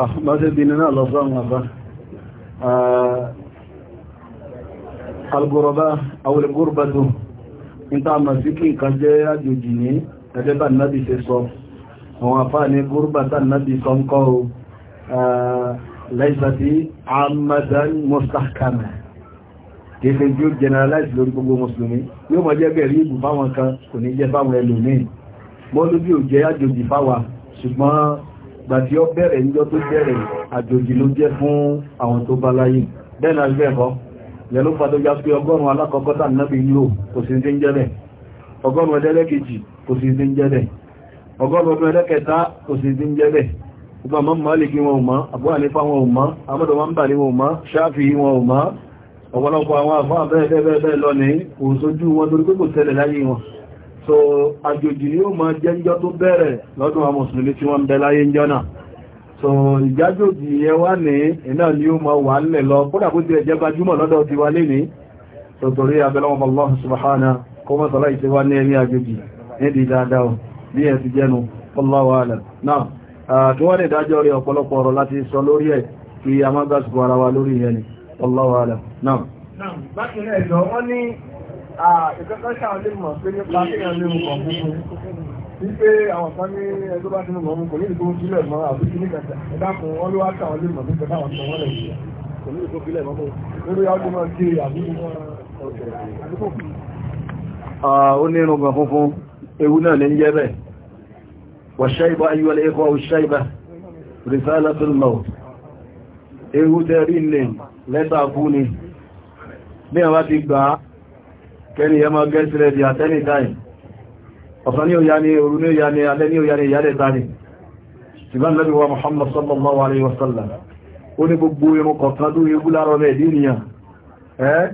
àbáṣẹ́bìnrin ah, náà lọ fún àbá ah, algoroba awulegorobado ní tàà mà sí kí nǹkan jẹ́ àjòjì ní ẹgbẹ́bà náàbì ṣe sọ àwọn àfá ní gorobata náàbì sọ ń kọ́ láìsàtí amadan ah, mustahkama kìí jú generalize lórí gbogbo mùsùlùmí yóò mọ̀ jẹ́ bẹ̀rí ìbù fáwọn kan kò ní jẹ́ fáwọn ẹlòmíì mọ́lúbí ò jẹ́ àjòjì fáwà ṣùgbọ́n gbàtí ó bẹ̀rẹ̀ níjọ́ tó bẹ̀rẹ̀ àjòjì ló jẹ́ fún àwọn tó bá láyé bẹ́ẹ̀ náà bẹ́ẹ̀ kọ́ yẹn ló fàdó já pé ọgọ́rùn alákọ̀ọ́kọ́ tà náà bí lò kò sí ti ń jẹ́ bẹ̀ ọgọ́rùn ẹlẹ́kejì kò sí ti ń jẹ́ bẹ̀ ọgọ́rùn ọdún ẹlẹ́kẹta kò sí ti ń jẹ́ bẹ̀ gbogbo àmọ́ mọ́lìkì ní wọn so àjòjì ni ó mọ jẹ́njọ́ tó bẹ̀rẹ̀ lọ́dún àwọn mùsùlùmí tí wọ́n ń bẹ láyé ńjọ́ náà so ìjájòjì yẹn wá ní iná ni ó mọ wà nílẹ̀ lọ kódà kó ti ẹ̀jẹ́ gbajúmọ̀ lọ́dọ̀ ti wá lé ní tòtòrí abẹ́lọ́wọ́ Allah subhanahu kó mọ́ sọ́lá ìṣẹ́wá ní ẹni àjòjì nídìí dáadáa bí ẹ ti jẹnu Allahu a'lam náà tó wá ní ìdájọ́ rí ọ̀pọ̀lọpọ̀ ọ̀rọ̀ láti sọ lórí ẹ̀ kí a má gbásùkú ara wa lórí ìyẹn ni Allahu a'lam náà ìkẹ́kọ̀ọ́ṣà lè mọ̀ pé nípa kéèyàn lè mọ̀ fún wípé àwọn kan ní ẹjọ́ bá ti mú mọ̀ kò ní ìdíkó sílẹ̀ mọ́ àbí kí ní kẹta ẹ̀dá kan wọ́n ló wá kà wọ́n lè mọ̀ nípa táwọn sọ wọ́n lè ṣe kò ní ìdíkó sílẹ̀ mọ́ lórí ọdún náà dé àbúrò ó ní kẹni ẹmọ gẹ́ẹ̀sì rẹ̀ di àtẹ́ni táì ọ̀sán ní òyà ni òru ní òyà ni alẹ́ ní òyà ni ìyálẹ̀ táì ṣùgbọ́n lẹ́bí wa Muhammad sallallahu alaihi wasallam ó ní gbogbo irun kọ̀ọ̀kan tó yẹ gúlárọ̀ rẹ̀ níyàn ẹ́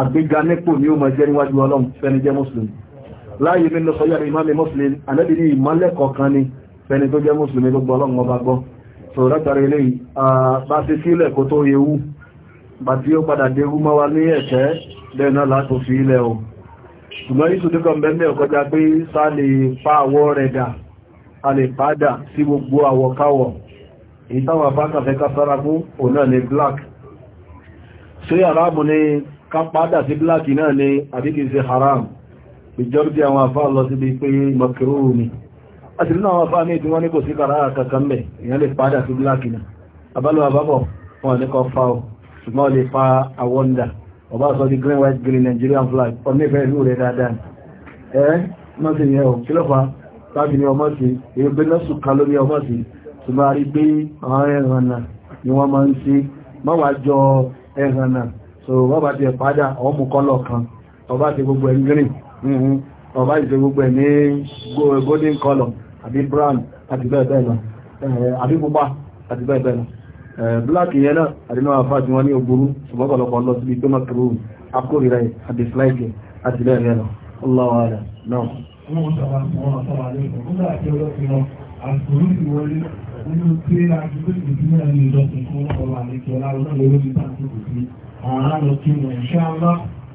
àgbéga nípò ní ó mọ̀ jẹ́ níwájú ọlọ́run fẹ́ni jẹ́ muslim láàyè mi lọ sọ́yà ìmáàmì muslim alẹ́bí ní ìmọ́lẹ̀ kọ̀ọ̀kan ni fẹ́ni tó jẹ́ muslim gbogbo ọlọ́run ọba gbọ́ sọ̀rọ̀ látàrí tó yẹ wú bàtí ó padà dé rú mọ́ wa ní ẹ̀ṣẹ́ lẹ́nà látò fi ilẹ̀ o ṣùgbọ́n ìṣù tó kọ̀ mẹ́mẹ́ ọ̀kọjá pé sá lè pa àwọ̀ rẹ̀ dà a lè padà sí gbogbo àwọ̀ káwọ̀ ìtawà bá kàfẹ́ kására fún òun náà ní black ṣe haramu ni ká padà sí black náà ni àbí kìí haram ìjọ́rùdí àwọn afá lọ síbi pé mọ̀kìrú ni a sì nínú àwọn afá ní ìdí wọ́n ní kò sí kàrá kankan mẹ́ ìyẹn lè padà sí black náà abálọ́ àbábọ̀ wọn ní kọ fáwọ̀ ṣùgbọ́n ó lè fa àwọ́ndà ọba sọ di green white green Nigerian flag ọmọfẹ́ ìlú rẹ̀ dáadáa ẹ́ mọ́sí yẹn ò kí lọ́fà láti ní ọmọ sí èyí pé lọ́sùn ká lórí ọmọ sí ṣùgbọ́n a rí pé àwọn ẹ̀hànà ni wọ́n máa ń ṣe mọ́wàá jọ ẹ̀hànà so wọ́n bá ti padà ọmọ kọ́lọ̀ kan ọba ti gbogbo ẹ̀ green ọba ìṣe gbogbo ẹ̀ ní mm-hmm. golden color àbí brown àti bẹ́ẹ̀ bẹ́ẹ̀ lọ àbí pupa àti bẹ́ẹ̀ Eh, black yẹn náà àdínà àfáàjì wọn ní ogoro ṣùgbọ́pọ̀lọpọ̀ lọ sí ibi tó máa kúrò akórira ẹ̀ àdìsíláìkì àti bẹ́ẹ̀ bẹ́ẹ̀ lọ ọlọ́wọ́ rẹ̀ náà. Àwọn àlọ́ kí wọ́n ṣáàlá,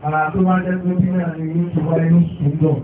ara tó wá jẹ́ pé náà